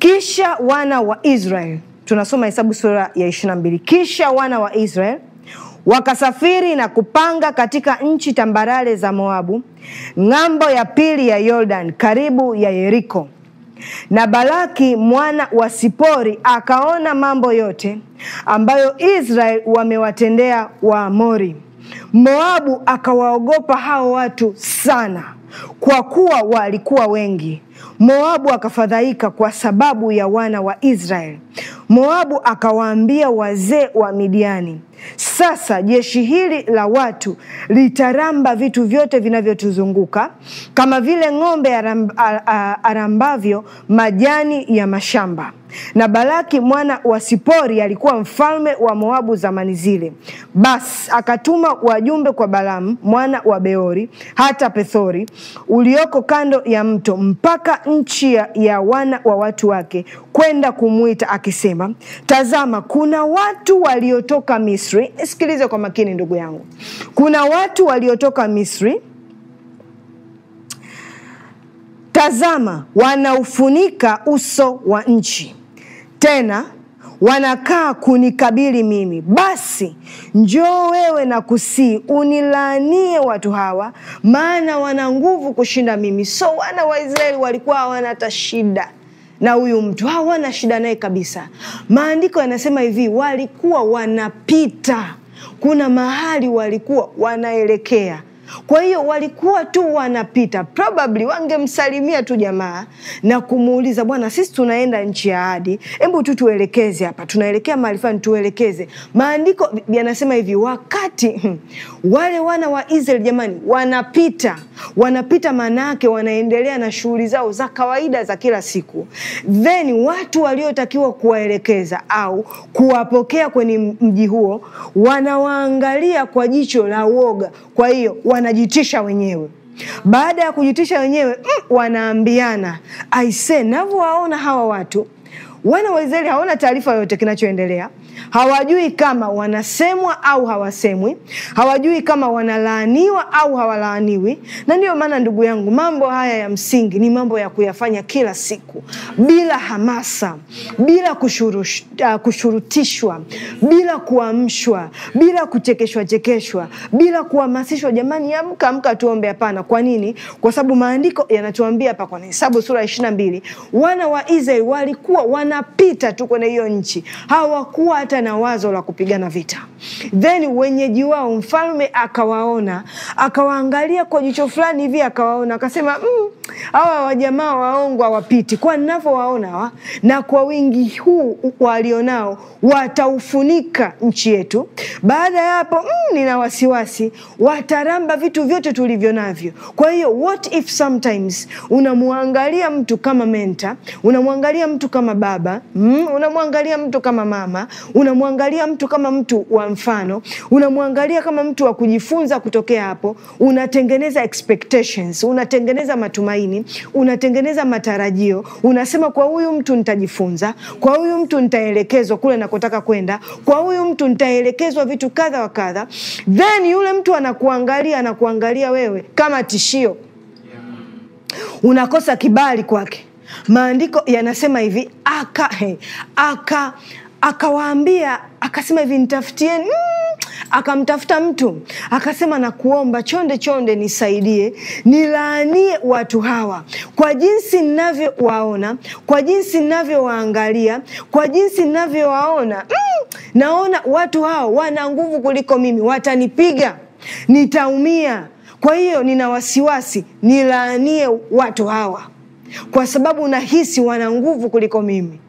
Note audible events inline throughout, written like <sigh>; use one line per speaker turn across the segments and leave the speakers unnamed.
Kisha wana wa israel tunasoma Hesabu sura ya 22. Kisha wana wa israel wakasafiri na kupanga katika nchi tambarare za Moabu, ng'ambo ya pili ya Yordan, karibu ya Yeriko. Na Balaki mwana wa Sipori akaona mambo yote ambayo israel wamewatendea Waamori. Moabu akawaogopa hao watu sana, kwa kuwa walikuwa wengi. Moabu akafadhaika kwa sababu ya wana wa Israeli Moabu akawaambia wazee wa Midiani, sasa jeshi hili la watu litaramba vitu vyote vinavyotuzunguka kama vile ng'ombe aramb, arambavyo majani ya mashamba. Na Balaki mwana wa Sipori alikuwa mfalme wa Moabu zamani zile. Basi akatuma wajumbe kwa Balamu mwana wa Beori hata Pethori ulioko kando ya mto mpaka nchi ya, ya wana wa watu wake kwenda kumwita aki akisema, tazama, kuna watu waliotoka Misri. Sikilize kwa makini, ndugu yangu, kuna watu waliotoka Misri, tazama, wanaufunika uso wa nchi, tena wanakaa kunikabili mimi. Basi njoo wewe na kusii unilaanie watu hawa, maana wana nguvu kushinda mimi. So wana Waisraeli walikuwa hawana hata shida na huyu mtu hawana shida naye kabisa. Maandiko yanasema hivi, walikuwa wanapita, kuna mahali walikuwa wanaelekea. Kwa hiyo walikuwa tu wanapita, probably wangemsalimia tu jamaa na kumuuliza, bwana, sisi tunaenda nchi ya ahadi, hebu tu tuelekeze hapa, tunaelekea mahali fulani, tuelekeze. Maandiko yanasema hivi, wakati <clears throat> wale wana wa Israeli, jamani, wanapita wanapita, maana yake wanaendelea na shughuli zao za kawaida za kila siku, then watu waliotakiwa kuwaelekeza au kuwapokea kwenye mji huo wanawaangalia kwa jicho la uoga, kwa hiyo wanajitisha wenyewe. Baada ya kujitisha wenyewe mm, wanaambiana aise, navyowaona hawa watu wana Waisraeli hawana taarifa yoyote kinachoendelea, hawajui kama wanasemwa au hawasemwi, hawajui kama wanalaaniwa au hawalaaniwi. Na ndiyo maana ndugu yangu, mambo haya ya msingi ni mambo ya kuyafanya kila siku bila hamasa, bila kushurush, uh, kushurutishwa, bila kuamshwa, bila kuchekeshwa chekeshwa, bila kuhamasishwa, jamani, amka amka tuombe. Hapana. Kwa nini? Kwa sababu maandiko yanatuambia hapa kwenye Hesabu sura ishiri na mbili wana wa Israeli walikuwa wanapita tu kwenye hiyo nchi, hawakuwa hata na wazo la kupigana vita. Then wenyeji wao mfalme akawaona, akawaangalia kwa jicho fulani hivi, akawaona akasema, mm, hawa wajamaa waongo hawapiti, kwa ninavyowaona wa, na kwa wingi huu walionao wataufunika nchi yetu. Baada ya hapo, mm, nina wasiwasi wataramba vitu vyote tulivyo navyo. Kwa hiyo what if sometimes unamwangalia mtu kama menta, unamwangalia mtu kama baba mm, unamwangalia mtu kama mama, unamwangalia mtu kama mtu wa mfano, unamwangalia kama mtu wa kujifunza kutokea hapo, unatengeneza expectations, unatengeneza matumaini, unatengeneza matarajio, unasema kwa huyu mtu nitajifunza, kwa huyu mtu nitaelekezwa kule nakotaka kwenda, kwa huyu mtu nitaelekezwa vitu kadha wa kadha, then yule mtu anakuangalia, anakuangalia wewe kama tishio, unakosa kibali kwake. Maandiko yanasema hivi aka, aka akawaambia akasema hivi nitafutieni mm, akamtafuta mtu akasema nakuomba chonde chonde nisaidie nilaanie watu hawa kwa jinsi ninavyowaona kwa jinsi ninavyowaangalia kwa jinsi ninavyowaona mm, naona watu hao wana nguvu kuliko mimi watanipiga nitaumia kwa hiyo nina wasiwasi nilaanie watu hawa kwa sababu nahisi wana nguvu kuliko mimi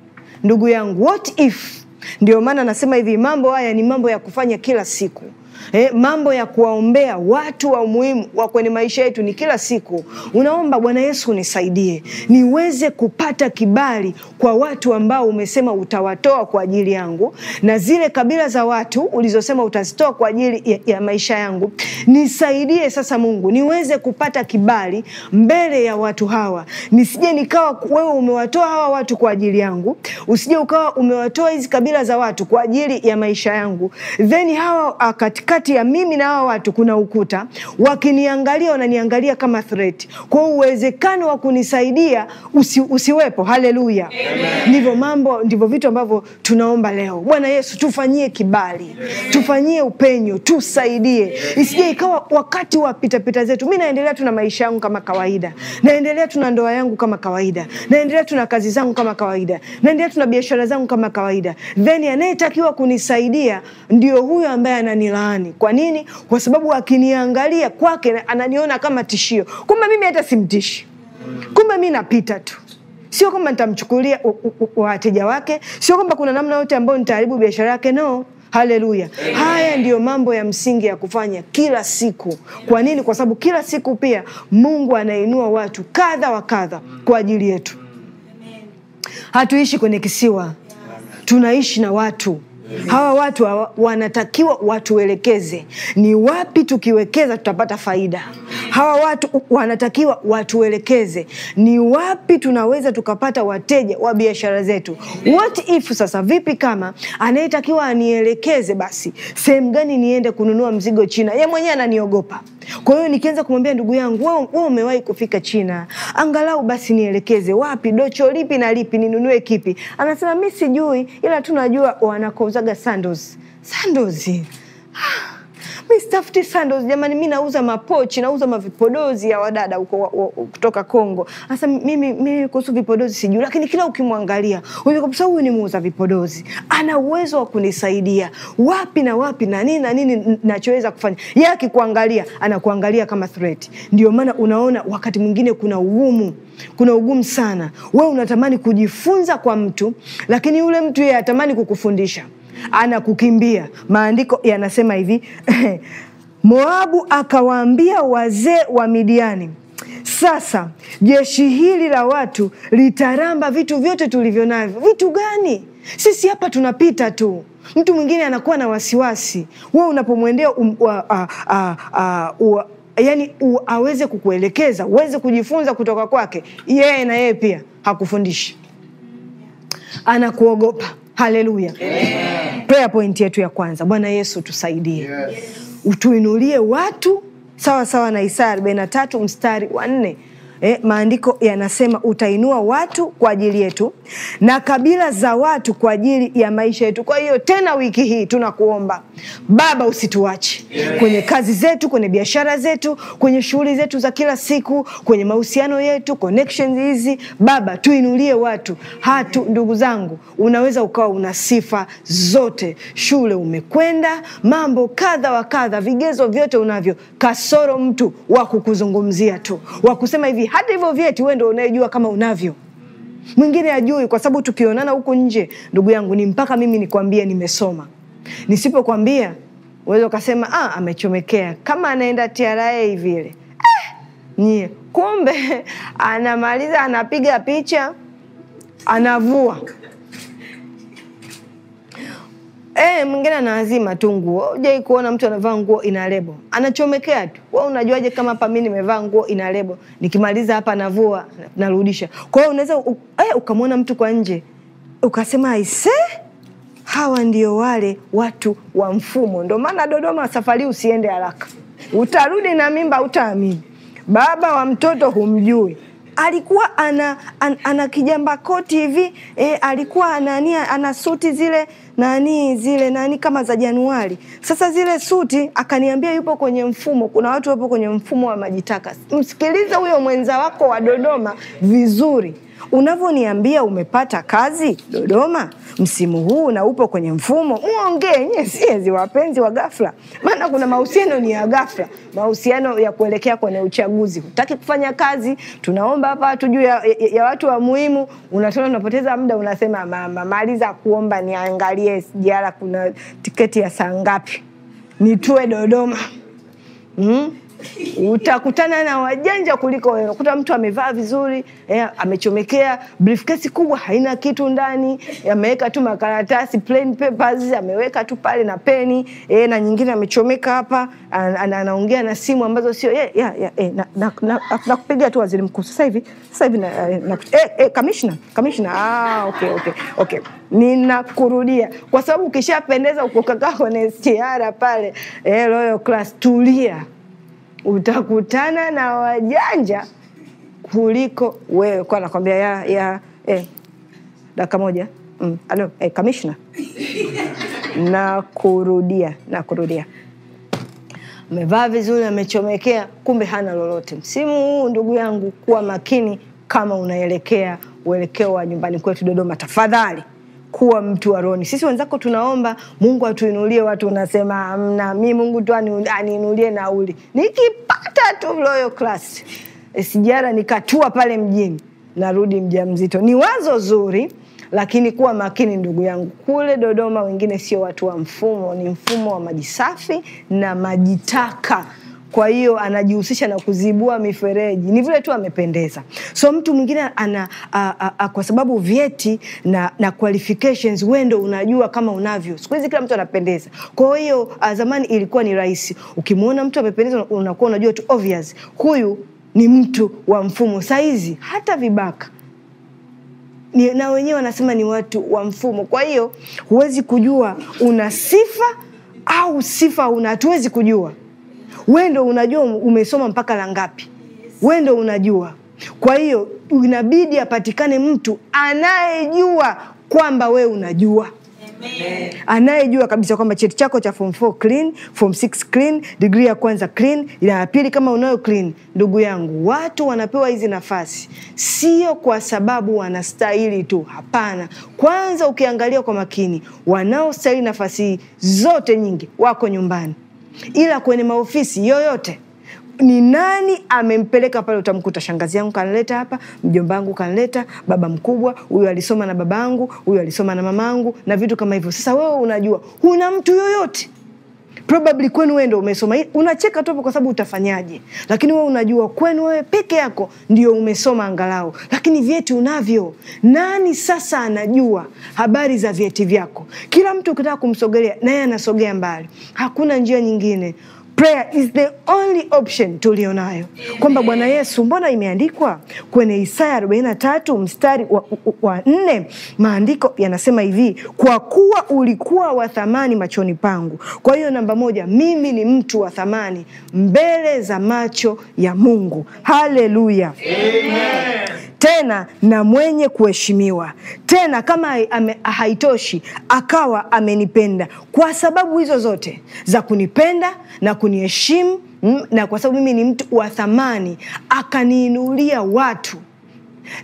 ndugu yangu what if ndio maana nasema hivi, mambo haya ni mambo ya kufanya kila siku eh, mambo ya kuwaombea watu wa umuhimu wa kwenye maisha yetu ni kila siku. Unaomba Bwana Yesu, nisaidie niweze kupata kibali kwa watu ambao umesema utawatoa kwa ajili yangu, na zile kabila za watu ulizosema utazitoa kwa ajili ya, ya maisha yangu, nisaidie sasa Mungu niweze kupata kibali mbele ya watu hawa, nisije nikawa wewe umewatoa hawa watu kwa ajili yangu, usije ukawa umewatoa hizi kabila za watu kwa ajili ya maisha yangu, then hawa ah, katika kati ya mimi na hawa watu kuna ukuta, wakiniangalia wananiangalia kama threat. Kwa uwezekano wa kunisaidia usi, usiwepo. Haleluya! Ndivyo mambo, ndivyo vitu ambavyo tunaomba leo. Bwana Yesu, tufanyie kibali, tufanyie upenyo, tusaidie, isije ikawa wakati wa pitapita zetu. Mi naendelea tu na maisha yangu kama kawaida, naendelea tu na ndoa yangu kama kawaida, naendelea tu na kazi zangu kama kawaida, naendelea tu na biashara zangu kama kawaida, then anayetakiwa kunisaidia ndio huyo ambaye ananilaani amani. Kwa nini? Kwa sababu akiniangalia kwake ananiona kama tishio, kumbe mimi hata simtishi, kumbe mi napita tu sio kwamba nitamchukulia wateja wake, sio kwamba kuna namna yote ambayo nitaharibu biashara yake. No, haleluya! Haya ndiyo mambo ya msingi ya kufanya kila siku. Kwa nini? Kwa sababu kila siku pia Mungu anainua watu kadha wa kadha kwa ajili yetu. Hatuishi kwenye kisiwa, tunaishi na watu Hawa watu hawa, wanatakiwa watuelekeze ni wapi tukiwekeza tutapata faida. Hawa watu wanatakiwa watuelekeze ni wapi tunaweza tukapata wateja wa biashara zetu. What if sasa, vipi kama anayetakiwa anielekeze basi sehemu gani niende kununua mzigo China, ye mwenyewe ananiogopa kwa hiyo nikianza kumwambia ndugu yangu, wewe umewahi kufika China, angalau basi nielekeze wapi, docho lipi na lipi, ninunue kipi? Anasema mi sijui, ila tunajua wanakouzaga sandozi sandozi ah, mi sitafuti sandals jamani, mi nauza mapochi, nauza mavipodozi ya wadada huko kutoka Kongo. Sasa mimi mimi kuhusu vipodozi sijui, lakini kila ukimwangalia kwa sababu huyu ni muuza vipodozi, ana uwezo wa kunisaidia wapi na wapi na nini na nini nachoweza kufanya. Yeye akikuangalia anakuangalia kama threat. Ndio maana unaona wakati mwingine kuna ugumu, kuna ugumu sana. Wewe unatamani kujifunza kwa mtu, lakini yule mtu yeye atamani kukufundisha anakukimbia. Maandiko yanasema hivi <laughs> Moabu akawaambia wazee wa Midiani, sasa jeshi hili la watu litaramba vitu vyote tulivyo navyo. Vitu gani? Sisi hapa tunapita tu. Mtu mwingine anakuwa na wasiwasi, we unapomwendea um, uh, uh, uh, yani aweze kukuelekeza uweze kujifunza kutoka kwake. Yeye na yeye pia hakufundishi, anakuogopa Haleluya, prayer point yetu ya kwanza. Bwana Yesu tusaidie, yes. Utuinulie watu sawa sawa na Isaya 43 mstari wa nne eh, maandiko yanasema utainua watu kwa ajili yetu na kabila za watu kwa ajili ya maisha yetu. Kwa hiyo tena wiki hii tunakuomba Baba, usituache kwenye kazi zetu, kwenye biashara zetu, kwenye shughuli zetu za kila siku, kwenye mahusiano yetu, connections hizi Baba, tuinulie watu hatu. Ndugu zangu, unaweza ukawa una sifa zote, shule umekwenda, mambo kadha wa kadha, vigezo vyote unavyo, kasoro mtu wa kukuzungumzia tu, wa kusema hivi hata hivyo vyeti wewe ndio unayejua kama unavyo mwingine ajui kwa sababu tukionana huku nje ndugu yangu ni mpaka mimi nikwambie nimesoma nisipokwambia uweza ukasema ah, amechomekea kama anaenda TRA vile eh, nyie kumbe <laughs> anamaliza anapiga picha anavua Eh, mwingine anaazima tu nguo. Hujai kuona mtu anavaa nguo ina lebo. Anachomekea tu. Wewe unajuaje kama hapa mimi nimevaa nguo ina lebo? Nikimaliza hapa navua, narudisha. Kwa hiyo unaweza eh, ukamwona mtu kwa nje. Ukasema aise, hawa ndio wale watu wa mfumo. Ndio maana Dodoma safari usiende haraka. Utarudi na mimba utaamini. Baba wa mtoto humjui alikuwa ana, an, ana kijamba koti hivi e, alikuwa anani ana suti zile nani zile nani kama za Januari. Sasa zile suti akaniambia yupo kwenye mfumo, kuna watu wapo kwenye mfumo wa majitaka. Msikilize huyo mwenza wako wa Dodoma vizuri, unavyoniambia umepata kazi Dodoma, msimu huu na upo kwenye mfumo, muongee nyie, siezi wapenzi wa ghafla, maana kuna mahusiano ni ya ghafla, mahusiano ya kuelekea kwenye uchaguzi. Hutaki kufanya kazi, tunaomba hapa watu juu ya, ya, ya watu wa muhimu, unatona unapoteza muda, unasema mama, maliza kuomba niangalie sijara kuna tiketi ya saa ngapi nitue Dodoma mm? utakutana na wajanja kuliko wewe. Unakuta mtu amevaa vizuri eh, amechomekea briefcase kubwa, haina kitu ndani, ameweka tu makaratasi plain papers, ameweka tu pale na peni eh, na nyingine amechomeka hapa, anaongea an, an, na simu ambazo sio eh, yeah, yeah, eh, na, na, na, na kupigia tu waziri mkuu sasa hivi sasa hivi na, eh, na, eh, eh, commissioner commissioner, ah, okay, okay, okay. Ninakurudia kwa sababu ukishapendeza ukokakaa kwenye SGR pale eh, loyal class, tulia utakutana na wajanja kuliko wewe. Kwa nakwambia ya, ya eh, dakika moja mm, eh, kamishna <laughs> na kurudia na kurudia amevaa vizuri, amechomekea, kumbe hana lolote. Msimu huu ndugu yangu, kuwa makini kama unaelekea uelekeo wa nyumbani kwetu Dodoma, tafadhali kuwa mtu wa rohoni. Sisi wenzako tunaomba Mungu atuinulie watu, unasema amna mi Mungu tu aniinulie nauli, nikipata tu loyo class eh, sijara nikatua pale mjini, narudi mjamzito. Ni wazo zuri, lakini kuwa makini ndugu yangu. Kule Dodoma wengine sio watu wa mfumo, ni mfumo wa maji safi na maji taka kwa hiyo anajihusisha na kuzibua mifereji, ni vile tu amependeza. So mtu mwingine ana a, a, a, kwa sababu vyeti na, na qualifications wewe unajua kama unavyo. Siku hizi kila mtu anapendeza, kwa hiyo zamani ilikuwa ni rahisi, ukimwona mtu amependeza unakuwa unajua tu obvious, huyu ni mtu wa mfumo. Saizi hata vibaka ni, na wenyewe wanasema ni watu wa mfumo. Kwa hiyo huwezi kujua una sifa au sifa una, hatuwezi kujua we ndo unajua umesoma mpaka la ngapi, we ndo unajua. Kwa hiyo inabidi apatikane mtu anayejua kwamba wewe unajua anayejua kabisa kwamba cheti chako cha form 4 clean, form 6 clean, digrii ya kwanza clean, ya pili kama unayo clean. Ndugu yangu, watu wanapewa hizi nafasi sio kwa sababu wanastahili tu, hapana. Kwanza ukiangalia kwa makini, wanaostahili nafasi zote nyingi wako nyumbani ila kwenye maofisi yoyote ni nani amempeleka pale? Utamkuta shangazi yangu kanleta hapa, mjomba wangu kanleta, baba mkubwa huyu alisoma na babangu, huyu alisoma na mamangu na vitu kama hivyo. Sasa wewe unajua, huna mtu yoyote probably kwenu wewe ndio umesoma. Unacheka tu kwa sababu utafanyaje, lakini wewe unajua kwenu wewe peke yako ndio umesoma angalau, lakini vyeti unavyo. Nani sasa anajua habari za vyeti vyako? Kila mtu ukitaka kumsogelea naye anasogea mbali, hakuna njia nyingine prayer is the only option tulionayo, kwamba Bwana Yesu, mbona imeandikwa kwenye Isaya 43 mstari wa, 4 maandiko yanasema hivi, kwa kuwa ulikuwa wa thamani machoni pangu. Kwa hiyo namba moja, mimi ni mtu wa thamani mbele za macho ya Mungu. Haleluya, tena na mwenye kuheshimiwa. Tena kama ame, haitoshi, akawa amenipenda. Kwa sababu hizo zote za kunipenda, na kuniheshimu na kwa sababu mimi ni mtu wa thamani, akaniinulia watu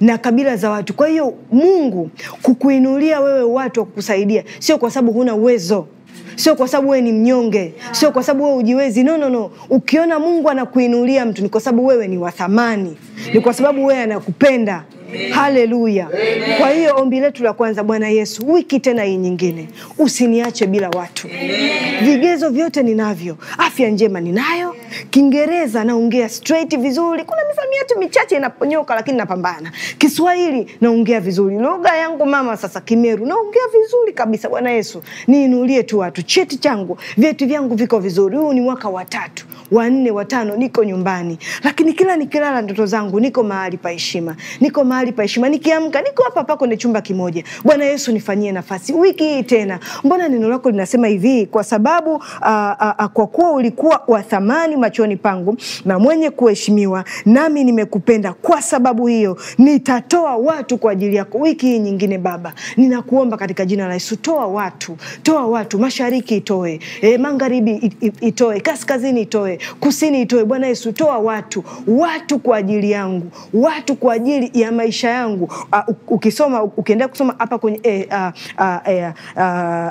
na kabila za watu. Kwa hiyo Mungu kukuinulia wewe watu wa kukusaidia, sio kwa sababu huna uwezo sio kwa sababu wewe ni mnyonge, sio kwa sababu wewe ujiwezi. No, no, no. Ukiona Mungu anakuinulia mtu ni kwa sababu wewe ni wa thamani, ni kwa sababu wewe anakupenda. Haleluya! Kwa hiyo ombi letu la kwanza, Bwana Yesu, wiki tena hii nyingine usiniache bila watu. Amen. Vigezo vyote ninavyo, afya njema ninayo, Kiingereza naongea straight vizuri, kuna misamiati michache inaponyoka, lakini napambana. Kiswahili naongea vizuri, lugha yangu mama sasa Kimeru naongea vizuri kabisa. Bwana Yesu, niinulie tu watu. Cheti changu, vyeti vyangu viko vizuri. Huu ni mwaka wa tatu wanne, watano, niko nyumbani, lakini kila nikilala ndoto zangu niko mahali pa heshima, niko mahali pa heshima. Nikiamka niko hapa hapa kwenye chumba kimoja. Bwana Yesu, nifanyie nafasi wiki hii tena. Mbona neno lako linasema hivi? Kwa sababu a, a, a, kwa kuwa ulikuwa wa thamani machoni pangu na mwenye kuheshimiwa, nami nimekupenda. Kwa sababu hiyo nitatoa watu kwa ajili yako wiki hii nyingine. Baba, ninakuomba katika jina la Yesu, toa watu, toa watu. Mashariki itoe e, magharibi itoe, kaskazini itoe kusini itoe. Bwana Yesu, toa watu, watu kwa ajili yangu, watu kwa ajili ya maisha yangu. Uh, ukisoma ukiendelea kusoma hapa kwenye eh, ah, ah, eh,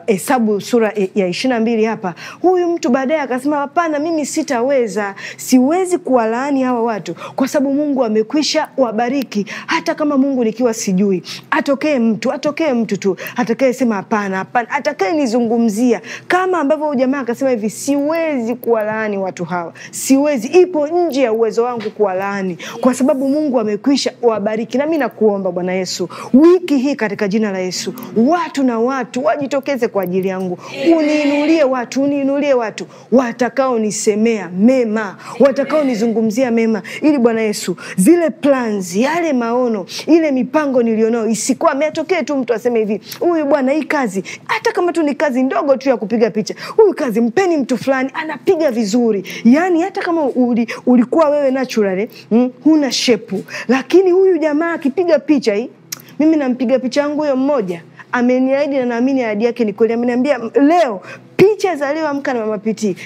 Hesabu uh, uh, uh, uh, sura eh, ya ishirini na mbili hapa, huyu mtu baadaye akasema, hapana, mimi sitaweza, siwezi kuwalaani hawa watu kwa sababu Mungu amekwisha wabariki. Hata kama Mungu nikiwa sijui, atokee mtu, atokee mtu tu atakayesema hapana, hapana, atakayenizungumzia kama ambavyo jamaa akasema hivi, siwezi kuwalaani watu hawa hawa, siwezi, ipo nje ya uwezo wangu kuwalaani, kwa sababu Mungu amekwisha wabariki. Nami nakuomba Bwana Yesu, wiki hii katika jina la Yesu, watu na watu wajitokeze kwa ajili yangu, uniinulie watu, uniinulie watu watakaonisemea mema, watakaonizungumzia mema, ili Bwana Yesu, zile plans, yale maono, ile mipango nilionao isikwame. Atokee tu mtu aseme hivi, huyu bwana, hii kazi, hata kama tu ni kazi ndogo tu ya kupiga picha, huyu kazi mpeni mtu fulani, anapiga vizuri yani hata kama uli, ulikuwa wewe natural mm, huna shepu, lakini huyu jamaa akipiga picha hii, mimi nampiga picha yangu huyo mmoja ameniahidi na naamini ahadi yake ni kweli. Ameniambia leo picha za leo Amka na Mama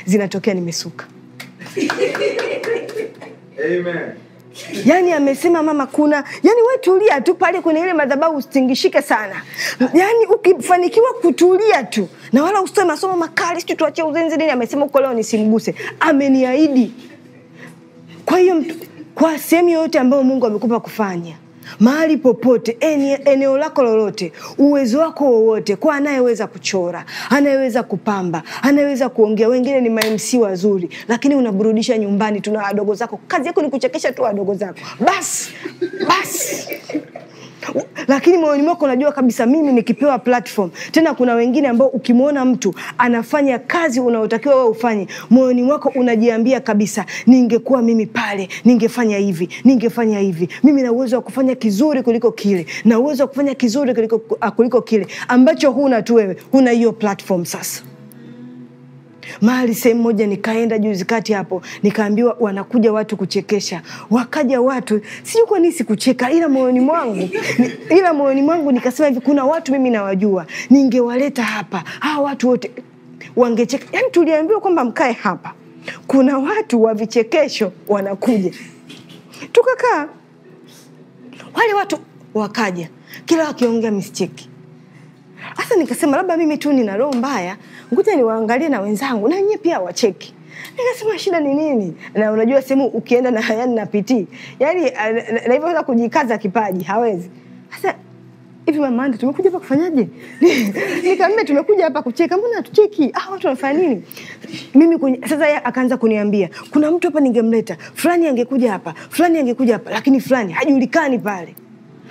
zinatokea nimesuka. <laughs> Amen. Yaani amesema mama, kuna yaani we tulia tu pale kwenye ile madhabahu usitingishike sana, yaani ukifanikiwa kutulia tu na wala usitoe masomo makali, siu tuachie uzinzi nini Amesema huko leo nisimguse, ameniahidi. Kwa hiyo kwa sehemu yoyote ambayo Mungu amekupa kufanya mahali popote, eneo lako lolote, uwezo wako wowote, kwa anayeweza kuchora, anayeweza kupamba, anayeweza kuongea. Wengine ni mamc wazuri, lakini unaburudisha nyumbani, tuna wadogo zako, kazi yako ni kuchekesha tu wadogo zako, basi basi lakini moyoni mwako unajua kabisa mimi nikipewa platform. Tena kuna wengine ambao ukimwona mtu anafanya kazi unayotakiwa wewe ufanye, moyoni mwako unajiambia kabisa, ningekuwa mimi pale ningefanya hivi, ningefanya hivi. Mimi na uwezo wa kufanya kizuri kuliko kile, na uwezo wa kufanya kizuri kuliko, kuliko kile ambacho huna tu wewe, huna hiyo platform sasa mahali sehemu moja nikaenda juzi kati hapo, nikaambiwa wanakuja watu kuchekesha. Wakaja watu, sijui kwa nini sikucheka, ila moyoni mwangu ila moyoni mwangu nikasema hivi, kuna watu mimi nawajua, ningewaleta hapa, hawa watu wote wangecheka. Yani tuliambiwa kwamba mkae hapa, kuna watu wa vichekesho wanakuja. Tukakaa, wale watu wakaja, kila wakiongea misicheki. Hasa nikasema labda mimi tu nina roho mbaya, ngoja niwaangalie na wenzangu na nyie pia wacheki. Nikasema shida ni nini? Na unajua sehemu ukienda na hayani na piti. Yaani eh, na hivyo unaweza kujikaza kipaji hawezi. Sasa hivi mama ndio tumekuja hapa kufanyaje? <laughs> Nikamwambia tumekuja hapa kucheka, mbona hatucheki? Ah, watu wanafanya nini? Mimi kuny... sasa yeye akaanza kuniambia kuna mtu hapa ningemleta, fulani angekuja hapa, fulani angekuja hapa, lakini fulani hajulikani pale.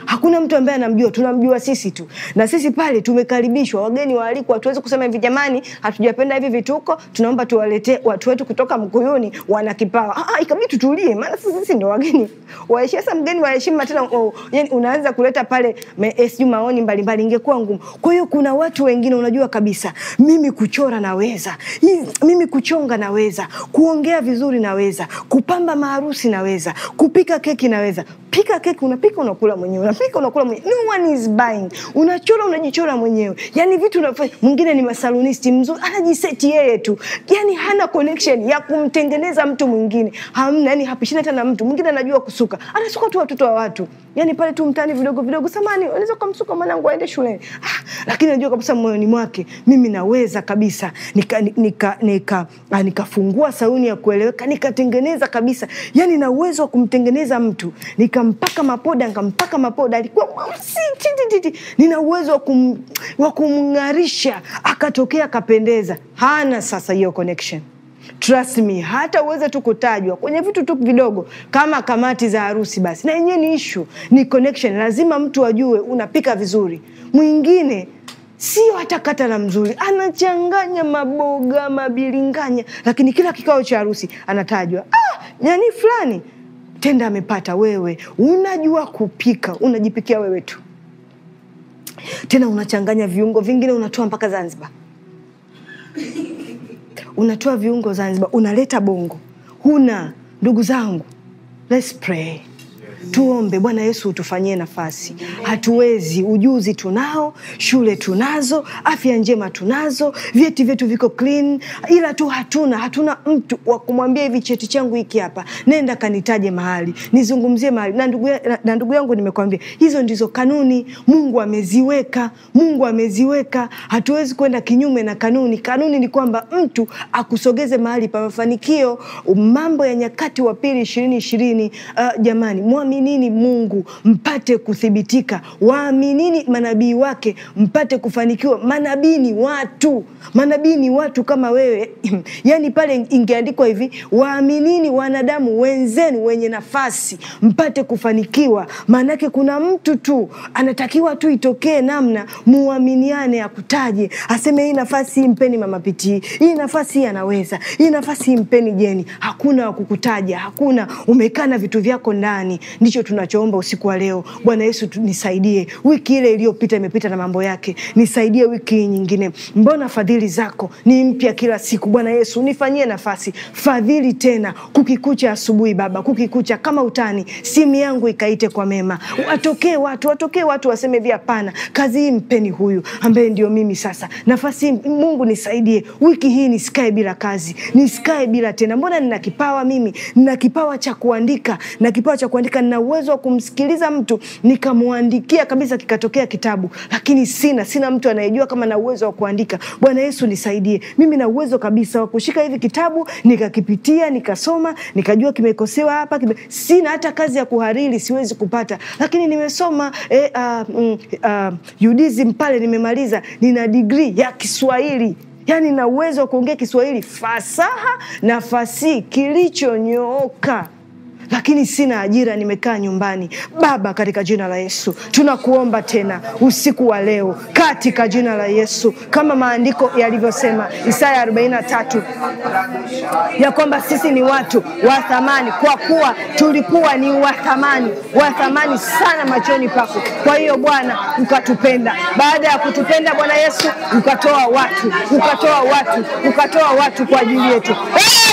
Hakuna mtu ambaye anamjua, tunamjua sisi tu, na sisi pale tumekaribishwa, wageni waalikwa. Hatuwezi kusema hivi jamani, hatujapenda hivi vituko, tunaomba tuwaletee watu wetu kutoka Mkuyuni, wana kipawa. Ah, ah ikabidi tutulie, maana sisi ndio wageni waheshima. Sasa mgeni wa heshima tena, oh, yani unaanza kuleta pale eh, sijui maoni mbalimbali, ingekuwa ngumu. Kwa hiyo kuna watu wengine unajua kabisa, mimi kuchora naweza, mimi kuchonga naweza, kuongea vizuri naweza, kupamba maharusi naweza, kupika keki naweza. Pika keki, unapika unakula mwenyewe unafika unakula mwenyewe. No one is buying. Unachora unajichora mwenyewe. Yaani vitu unafanya mwingine ni masalonist mzuri anajiseti yeye tu. Yaani hana connection ya kumtengeneza mtu mwingine. Hamna yani hapishana hata na mtu. Mwingine anajua kusuka. Anasuka tu watoto wa watu. Yaani pale tu mtani vidogo vidogo samani unaweza kumsuka mwanangu aende shule. Ah, lakini anajua kabisa moyoni mwake mimi naweza kabisa nikafungua nika, nika, nika, ah, nika sauni ya kueleweka nikatengeneza kabisa Yaani na uwezo wa kumtengeneza mtu nikampaka mapoda nikampaka mapoda Leopold alikuwa mweusi titititi, nina uwezo wa kumng'arisha, akatokea akapendeza. Hana sasa hiyo connection Trust me, hata uweze tu kutajwa kwenye vitu tu vidogo kama kamati za harusi, basi na yenyewe ni ishu, ni connection. Lazima mtu ajue unapika vizuri. Mwingine sio hata kata na mzuri, anachanganya maboga mabilinganya, lakini kila kikao cha harusi anatajwa, ah, yani fulani tenda amepata. Wewe unajua kupika, unajipikia wewe tu, tena unachanganya viungo vingine, unatoa mpaka Zanzibar unatoa viungo Zanzibar, unaleta Bongo. Huna ndugu zangu, let's pray. Tuombe Bwana Yesu utufanyie nafasi. Hatuwezi, ujuzi tunao, shule tunazo, afya njema tunazo, vyeti vyetu viko clean, ila tu hatuna hatuna mtu wa kumwambia hivi, cheti changu hiki hapa, nenda kanitaje mahali, nizungumzie mahali. Na ndugu, yangu nimekwambia, hizo ndizo kanuni Mungu ameziweka, Mungu ameziweka, hatuwezi kwenda kinyume na kanuni. Kanuni ni kwamba mtu akusogeze mahali pa mafanikio. Mambo ya Nyakati wa Pili ishirini ishirini. Uh, jamani mwami waaminini Mungu mpate kuthibitika, waaminini manabii wake mpate kufanikiwa. Manabii ni watu, manabii ni watu kama wewe <clears throat> yani pale ingeandikwa hivi, waaminini wanadamu wenzenu wenye nafasi mpate kufanikiwa. Maanake kuna mtu tu anatakiwa tu itokee namna, muaminiane, akutaje, aseme hii nafasi mpeni mama Pitii, hii nafasi hii anaweza, hii nafasi hii mpeni Jeni. Hakuna wakukutaja, hakuna. Umekaa na vitu vyako ndani ni ndicho tunachoomba usiku wa leo. Bwana Yesu, nisaidie. Wiki ile iliyopita imepita na mambo yake, nisaidie wiki hii nyingine. Mbona fadhili zako ni mpya kila siku. Bwana Yesu, nifanyie nafasi, fadhili tena, kukikucha asubuhi Baba, kukikucha kama utani, simu yangu ikaite kwa mema. Watokee watu, watokee watu waseme vya pana, kazi hii mpeni huyu ambaye ndio mimi sasa. Nafasi Mungu nisaidie, wiki hii nisikae bila kazi, nisikae bila tena. Mbona nina kipawa mimi, nina kipawa cha kuandika, na kipawa cha kuandika nina nina uwezo wa kumsikiliza mtu nikamwandikia kabisa kikatokea kitabu, lakini sina sina mtu anayejua kama na uwezo wa kuandika. Bwana Yesu nisaidie, mimi na uwezo kabisa wa kushika hivi kitabu nikakipitia, nikasoma, nikajua kimekosewa hapa kime... sina hata kazi ya kuhariri siwezi kupata, lakini nimesoma e, uh, mm, uh, Judaism pale nimemaliza, nina digrii ya Kiswahili yaani na uwezo wa kuongea Kiswahili fasaha na fasihi kilichonyooka lakini sina ajira, nimekaa nyumbani. Baba, katika jina la Yesu tunakuomba tena usiku wa leo, katika jina la Yesu, kama maandiko yalivyosema Isaya 43 ya kwamba sisi ni watu wa thamani, kwa kuwa tulikuwa ni wa thamani, wa thamani sana machoni pako. Kwa hiyo Bwana ukatupenda. Baada ya kutupenda Bwana Yesu ukatoa watu, ukatoa watu, ukatoa watu kwa ajili yetu.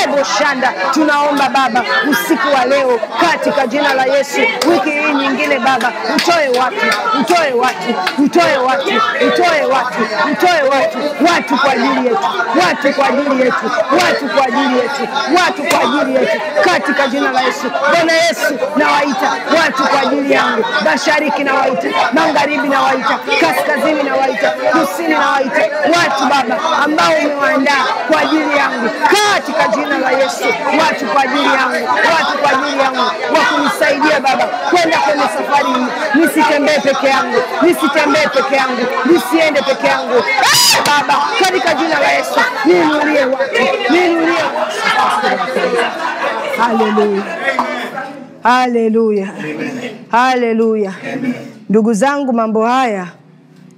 Ebo shanda, tunaomba Baba usiku wa leo katika jina la Yesu, wiki hii nyingine Baba utoe watu, utoe watu, utoe watu, utoe watu, utoe watu, watu kwa ajili yetu, watu kwa ajili yetu, watu kwa ajili yetu, watu kwa ajili yetu katika jina la Yesu. Bwana Yesu, nawaita watu kwa ajili yangu, mashariki nawaita, magharibi nawaita, kaskazini nawaita, kusini nawaita, watu Baba ambao umewaandaa kwa ajili yangu katika jina jina la Yesu, watu kwa ajili yangu, watu kwa ajili yangu, wa kunisaidia Baba kwenda kwenye safari hii, nisitembee peke yangu, nisitembee peke yangu, nisiende peke yangu ah, Baba, katika jina la Yesu niinulie watu, niinulie Haleluya, haleluya, haleluya. Ndugu zangu, mambo haya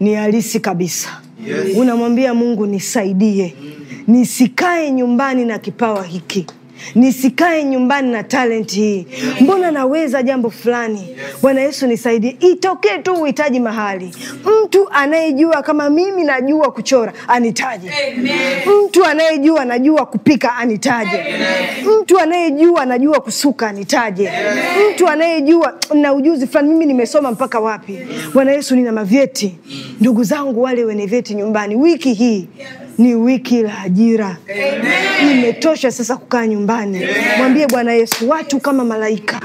ni halisi kabisa. Yes. Unamwambia Mungu nisaidie. Mm nisikae nyumbani na kipawa hiki nisikae nyumbani na talenti hii, mbona naweza jambo fulani. Bwana Yesu nisaidie. Itokee tu uhitaji mahali, mtu anayejua kama mimi najua kuchora anitaje. Mtu anayejua najua kupika anitaje. Mtu anayejua najua kusuka anitaje. Mtu anayejua na ujuzi fulani, mimi nimesoma mpaka wapi. Bwana Yesu, nina mavyeti. Ndugu zangu wale wenye vyeti nyumbani, wiki hii ni wiki la ajira. Imetosha sasa kukaa nyumbani. Mwambie Bwana Yesu, watu kama malaika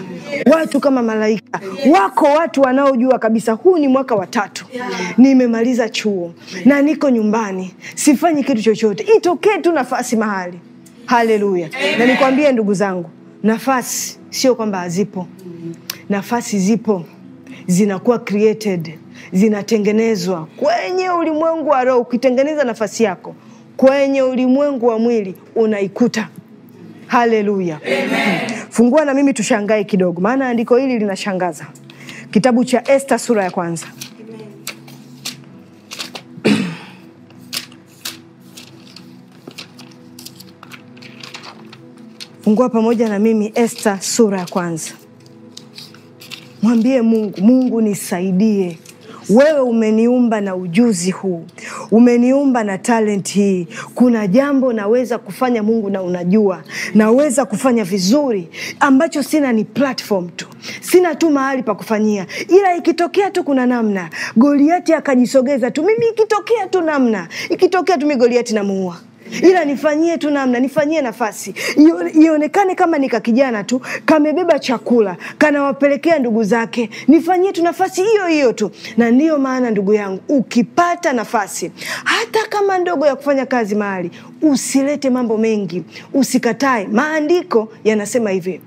watu kama malaika wako, watu wanaojua kabisa huu ni mwaka wa tatu, nimemaliza chuo na niko nyumbani, sifanyi kitu chochote, itokee tu nafasi mahali. Haleluya! Na nikwambie ndugu zangu, nafasi sio kwamba hazipo, nafasi zipo, zinakuwa created zinatengenezwa kwenye ulimwengu wa roho. Ukitengeneza nafasi yako kwenye ulimwengu wa mwili unaikuta. Haleluya, amen. Fungua na mimi tushangae kidogo, maana andiko hili linashangaza. Kitabu cha Esta sura ya kwanza <clears throat> Fungua pamoja na mimi Esta sura ya kwanza. Mwambie Mungu, Mungu nisaidie wewe umeniumba na ujuzi huu, umeniumba na talent hii. Kuna jambo naweza kufanya Mungu na unajua naweza kufanya vizuri, ambacho sina ni platform tu, sina tu mahali pa kufanyia, ila ikitokea tu kuna namna, Goliati akajisogeza tu, mimi ikitokea tu namna, ikitokea tu mi Goliati namuua ila nifanyie tu namna, nifanyie nafasi ionekane kama nika kijana tu kamebeba chakula kanawapelekea ndugu zake, nifanyie tu nafasi hiyo hiyo tu. Na ndiyo maana ndugu yangu, ukipata nafasi hata kama ndogo ya kufanya kazi mahali, usilete mambo mengi, usikatae. Maandiko yanasema hivi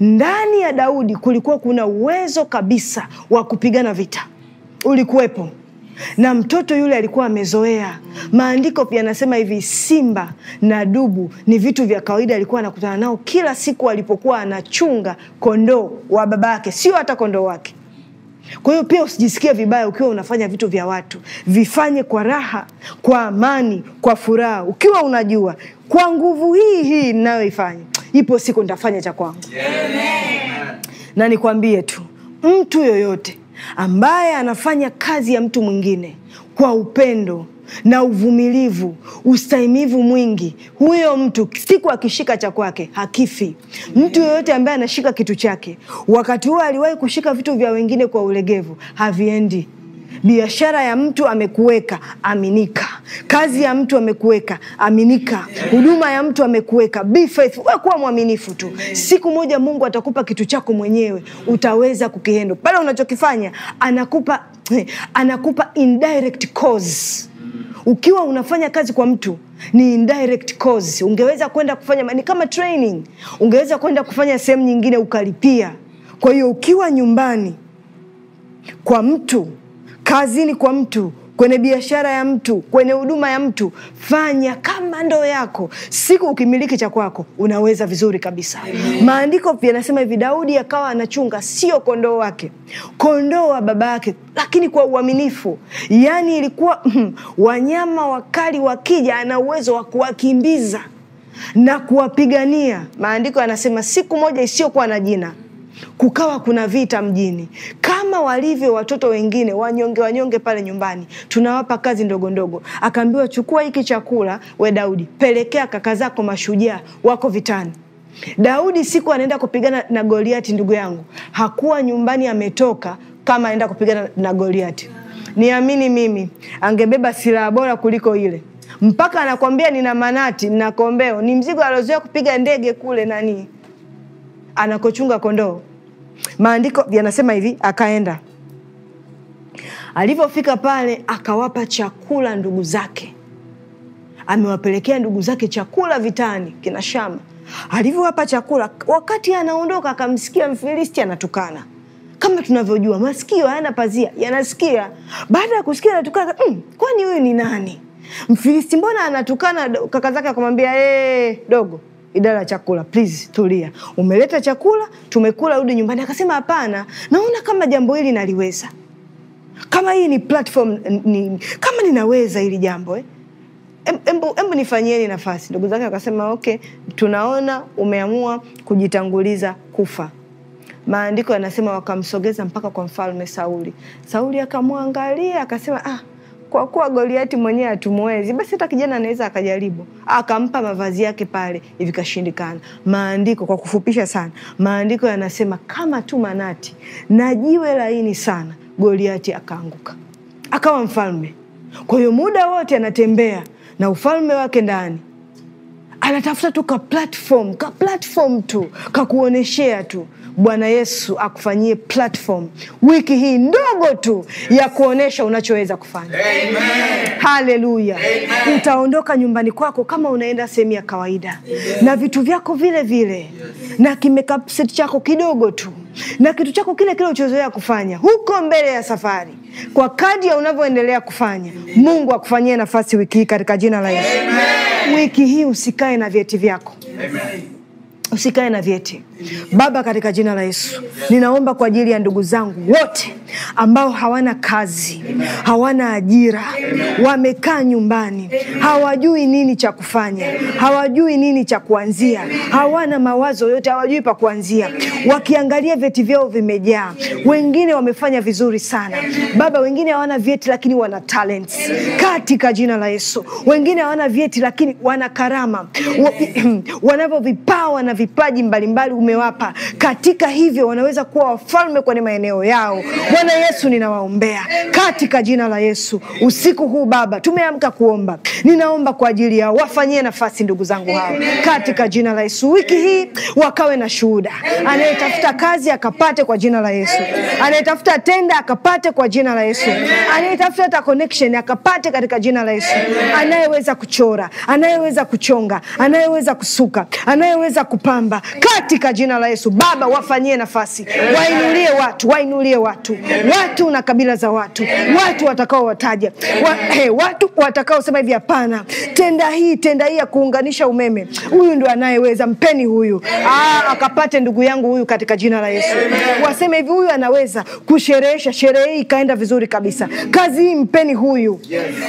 ndani ya Daudi kulikuwa kuna uwezo kabisa wa kupigana vita, ulikuwepo na mtoto yule alikuwa amezoea. Maandiko pia anasema hivi, simba na dubu ni vitu vya kawaida alikuwa anakutana nao kila siku alipokuwa anachunga kondoo wa baba yake, sio hata kondoo wake. Kwa hiyo pia usijisikie vibaya ukiwa unafanya vitu vya watu, vifanye kwa raha, kwa amani, kwa furaha, ukiwa unajua kwa nguvu hii hii ninayoifanya, ipo siku nitafanya cha kwangu. Na nikwambie tu, mtu yoyote ambaye anafanya kazi ya mtu mwingine kwa upendo na uvumilivu, ustahimivu mwingi, huyo mtu siku akishika cha kwake hakifi. Mtu yoyote ambaye anashika kitu chake, wakati huo aliwahi kushika vitu vya wengine kwa ulegevu, haviendi Biashara ya mtu amekuweka, aminika. Kazi ya mtu amekuweka, aminika. Huduma ya mtu amekuweka, be faithful. Wewe kuwa mwaminifu tu, siku moja Mungu atakupa kitu chako mwenyewe, utaweza kukiendo pale unachokifanya. Anakupa, <clears throat> anakupa indirect cause ukiwa unafanya kazi kwa mtu ni indirect cause. Ungeweza kwenda kufanya ni kama training, ungeweza kwenda kufanya sehemu nyingine ukalipia. Kwa hiyo ukiwa nyumbani kwa mtu kazini kwa mtu kwenye biashara ya mtu, kwenye huduma ya mtu, fanya kama ndoo yako. Siku ukimiliki cha kwako unaweza vizuri kabisa. Maandiko pia anasema hivi, Daudi akawa anachunga sio kondoo wake, kondoo wa baba yake, lakini kwa uaminifu. Yaani ilikuwa mm, wanyama wakali wakija, ana uwezo wa kuwakimbiza na kuwapigania. Maandiko anasema siku moja isiyokuwa na jina kukawa kuna vita mjini, kama walivyo watoto wengine wanyonge wanyonge pale nyumbani, tunawapa kazi ndogo ndogo. Akaambiwa, chukua hiki chakula, we Daudi, pelekea kaka zako mashujaa wako vitani. Daudi siku anaenda kupigana na Goliati, ndugu yangu, hakuwa nyumbani ametoka kama anaenda kupigana na Goliati. Niamini mimi, angebeba silaha bora kuliko ile mpaka anakwambia nina manati na kombeo, ni mzigo aliozoea kupiga ndege kule nani anakochunga kondoo maandiko yanasema hivi, akaenda alivyofika pale akawapa chakula ndugu zake. Amewapelekea ndugu zake chakula vitani, kina Shama. Alivyowapa chakula, wakati anaondoka akamsikia Mfilisti anatukana. Kama tunavyojua masikio hayana pazia, yanasikia. Baada ya kusikia anatukana, mm, kwani huyu ni nani? Mfilisti mbona anatukana? Kaka zake akamwambia, ee, dogo idara ya chakula, please tulia, umeleta chakula, tumekula, rudi nyumbani. Akasema hapana, naona kama jambo hili naliweza, kama hii ni platform ni, kama ninaweza hili jambo eh? Embu nifanyieni nafasi. Ndugu zake wakasema okay, tunaona umeamua kujitanguliza kufa. Maandiko yanasema wakamsogeza mpaka kwa mfalme Sauli. Sauli akamwangalia akasema ah, kwa kuwa Goliati mwenyewe hatumwezi, basi hata kijana anaweza akajaribu. Akampa mavazi yake pale, vikashindikana. Maandiko kwa kufupisha sana, maandiko yanasema kama tu manati na jiwe laini sana, Goliati akaanguka akawa mfalme. Kwa hiyo muda wote anatembea na ufalme wake ndani, anatafuta tu ka platform, ka platform tu kakuoneshea tu Bwana Yesu akufanyie platform wiki hii ndogo tu yes. ya kuonyesha unachoweza kufanya. Haleluya! Utaondoka nyumbani kwako kama unaenda sehemu ya kawaida Amen. na vitu vyako vile vile yes. na kimekapseti chako kidogo tu na kitu chako kile kile uchozoea kufanya huko mbele ya safari. Kwa kadi ya unavyoendelea kufanya, Mungu akufanyie nafasi wiki hii katika jina la Yesu. Wiki hii usikae na vyeti vyako Amen. Usikae na vyeti. Baba, katika jina la Yesu, ninaomba kwa ajili ya ndugu zangu wote ambao hawana kazi, hawana ajira, wamekaa nyumbani, hawajui nini cha kufanya, hawajui nini cha kuanzia, hawana mawazo yote, hawajui pa kuanzia. Wakiangalia vyeti vyao vimejaa, wengine wamefanya vizuri sana. Baba, wengine hawana vyeti lakini wana talents, katika jina la Yesu. Wengine hawana vyeti lakini wana karama, <clears throat> wanavyo vipawa na vipaji mbalimbali umewapa. Katika hivyo wanaweza kuwa wafalme kwenye maeneo yao. Bwana Yesu, ninawaombea katika jina la Yesu. Usiku huu Baba, tumeamka kuomba, ninaomba kwa ajili yao, wafanyie nafasi ndugu zangu hawa katika jina la Yesu. Wiki hii wakawe na shuhuda, anayetafuta kazi akapate kwa jina la Yesu, anayetafuta tenda akapate kwa jina la Yesu, anayetafuta hata connection akapate katika jina la Yesu, anayeweza kuchora, anayeweza kuchonga, anayeweza kusuka, anayeweza kupa kupamba katika jina la Yesu. Baba, wafanyie nafasi, wainulie watu, wainulie watu, watu na kabila za watu, watu wataja wa, hey, watu watakaosema hivi, hapana, tenda hii, tenda hii ya kuunganisha umeme, huyu ndo anayeweza, mpeni huyu, ah, akapate ndugu yangu huyu, katika jina la Yesu. Waseme hivi, huyu anaweza kusherehesha sherehe hii, ikaenda vizuri kabisa, kazi hii mpeni huyu,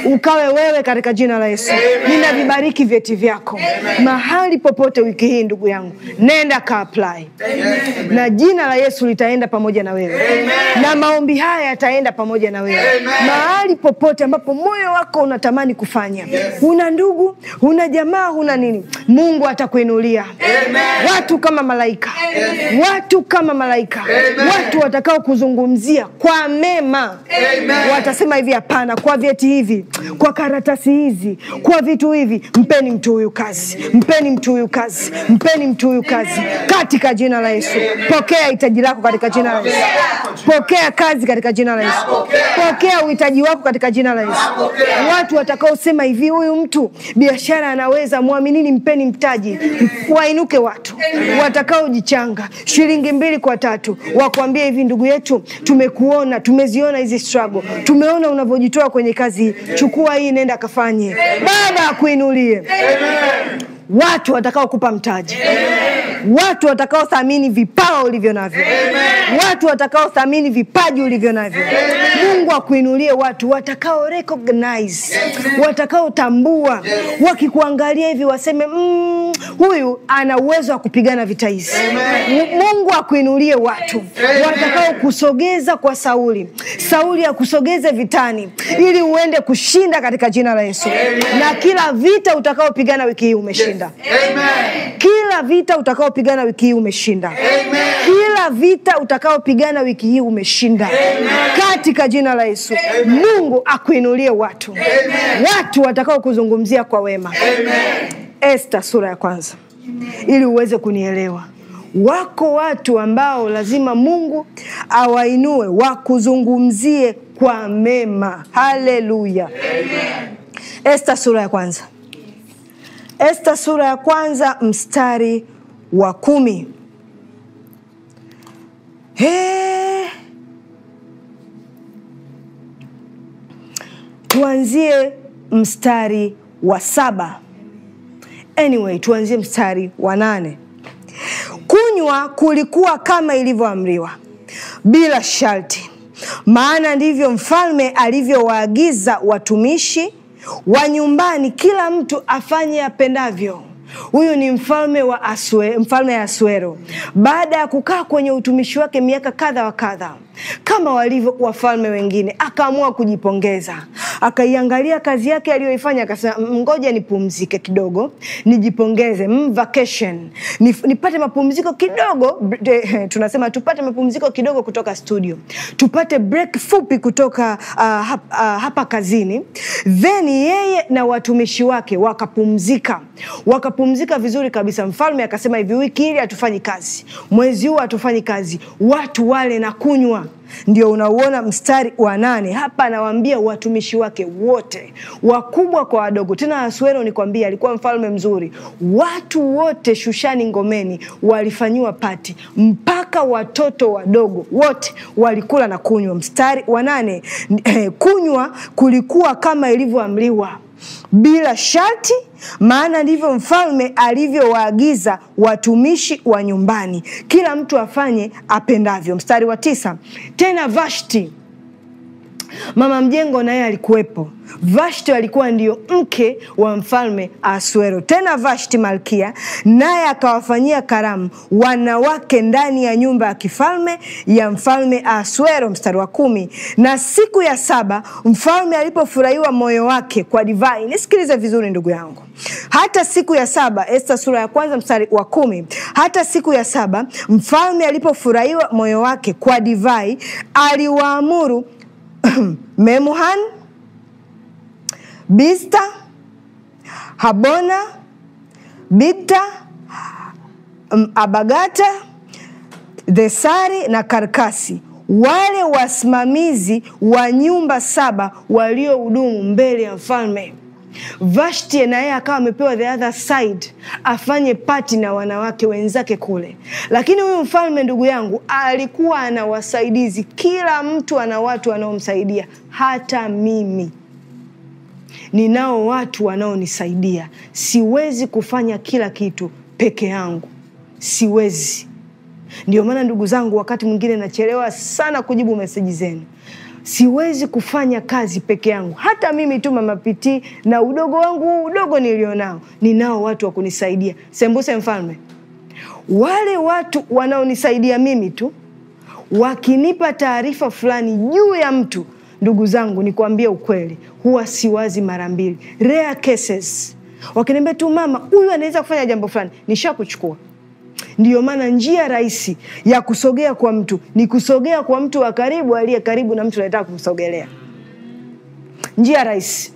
ukawe wewe, katika jina la Yesu. Ninavibariki vyeti vyako mahali popote wiki hii, ndugu yangu nenda ka apply na jina la Yesu litaenda pamoja na wewe na maombi haya yataenda pamoja na wewe mahali popote ambapo moyo wako unatamani kufanya yes. una ndugu, una jamaa, huna nini, Mungu atakuinulia watu kama malaika Amen. watu kama malaika Amen. watu watakao kuzungumzia kwa mema Amen. watasema hivi, hapana, kwa vyeti hivi, kwa karatasi hizi, kwa vitu hivi, mpeni mtu huyu kazi, mpeni mtu huyu kazi, mpeni mtu mtu huyu kazi katika jina la Yesu. Pokea hitaji lako katika jina la Yesu. Pokea kazi katika jina la Yesu. Pokea uhitaji wako katika jina la Yesu. Watu watakaosema hivi, huyu mtu biashara anaweza, mwaminini, mpeni mtaji, wainuke watu watakaojichanga shilingi mbili kwa tatu, wakwambia hivi, ndugu yetu, tumekuona, tumeziona hizi struggle, tumeona unavyojitoa kwenye kazi chukua hii, nenda kafanye, Baba akuinulie watu watakaokupa mtaji Amen. watu watakaothamini vipawa ulivyo navyo watu watakaothamini vipaji ulivyo navyo mungu akuinulie watu watakao recognize watakaotambua wakikuangalia hivi waseme mm, huyu ana uwezo wa kupigana vita hizi mungu akuinulie watu watakaokusogeza kwa sauli sauli akusogeze vitani ili uende kushinda katika jina la yesu Amen. na kila vita utakaopigana wiki hii umeshinda umeshinda. Amen. Kila vita utakaopigana wiki hii umeshinda. Amen. Kila vita utakaopigana wiki hii umeshinda. Amen. Katika jina la Yesu. Amen. Mungu akuinulie watu. Amen. Watu watakaokuzungumzia kwa wema. Amen. Esta sura ya kwanza. Amen. Ili uweze kunielewa. Wako watu ambao lazima Mungu awainue wakuzungumzie kwa mema. Haleluya. Esta sura ya kwanza Esta sura ya kwanza mstari wa kumi. He. Tuanzie mstari wa saba. Anyway, tuanzie mstari wa nane. Kunywa kulikuwa kama ilivyoamriwa bila sharti, maana ndivyo mfalme alivyowaagiza watumishi wa nyumbani, kila mtu afanye apendavyo. Huyu ni mfalme wa Aswe, mfalme ya aswero baada ya kukaa kwenye utumishi wake miaka kadha wa kadha kama walivyokuwa wafalme wengine. Akaamua kujipongeza, akaiangalia kazi yake aliyoifanya, akasema ngoja nipumzike kidogo, nijipongeze, mm, vacation, nipate mapumziko kidogo. Eh, tunasema tupate mapumziko kidogo kutoka studio, tupate break fupi kutoka uh, ah, hapa, uh, hapa kazini. Then yeye na watumishi wake wakapumzika, wakapumzika vizuri kabisa. Mfalme akasema hivi, wiki hili hatufanyi kazi, mwezi huu hatufanyi kazi, watu wale na kunywa ndio unauona mstari wa nane hapa, anawaambia watumishi wake wote, wakubwa kwa wadogo. Tena Asuero nikwambia, alikuwa mfalme mzuri. Watu wote Shushani ngomeni walifanyiwa pati, mpaka watoto wadogo wote walikula na kunywa. Mstari wa nane, eh, kunywa kulikuwa kama ilivyoamriwa bila sharti, maana ndivyo mfalme alivyowaagiza watumishi wa nyumbani, kila mtu afanye apendavyo. Mstari wa tisa, tena Vashti Mama Mjengo naye alikuwepo. Vashti alikuwa ndiyo mke wa mfalme aswero tena Vashti malkia, naye akawafanyia karamu wanawake ndani ya nyumba ya kifalme ya mfalme aswero Mstari wa kumi, na siku ya saba mfalme alipofurahiwa moyo wake kwa divai. Nisikilize vizuri ndugu yangu, hata siku ya saba, Esta sura ya kwanza mstari wa kumi, hata siku ya saba mfalme alipofurahiwa moyo wake kwa divai aliwaamuru <clears throat> Memuhan, Bista, Habona, Bita, um, Abagata, Thesari na Karkasi, wale wasimamizi wa nyumba saba waliohudumu mbele ya mfalme. Vashti naye akawa amepewa the other side afanye pati na wanawake wenzake kule, lakini huyu mfalme, ndugu yangu, alikuwa ana wasaidizi. Kila mtu ana watu wanaomsaidia, hata mimi ninao watu wanaonisaidia. Siwezi kufanya kila kitu peke yangu, siwezi. Ndio maana ndugu zangu, wakati mwingine nachelewa sana kujibu meseji zenu, siwezi kufanya kazi peke yangu. Hata mimi tu Mama Piti na udogo wangu huu udogo nilionao, ninao watu wa kunisaidia. Sembuse Mfalme, wale watu wanaonisaidia mimi tu wakinipa taarifa fulani juu ya mtu, ndugu zangu, nikuambie ukweli, huwa siwazi mara mbili. Rare cases wakiniambia tu mama, huyu anaweza kufanya jambo fulani, nishakuchukua Ndiyo maana njia rahisi ya kusogea kwa mtu ni kusogea kwa mtu wa karibu aliye karibu na mtu anayetaka kumsogelea. Njia rahisi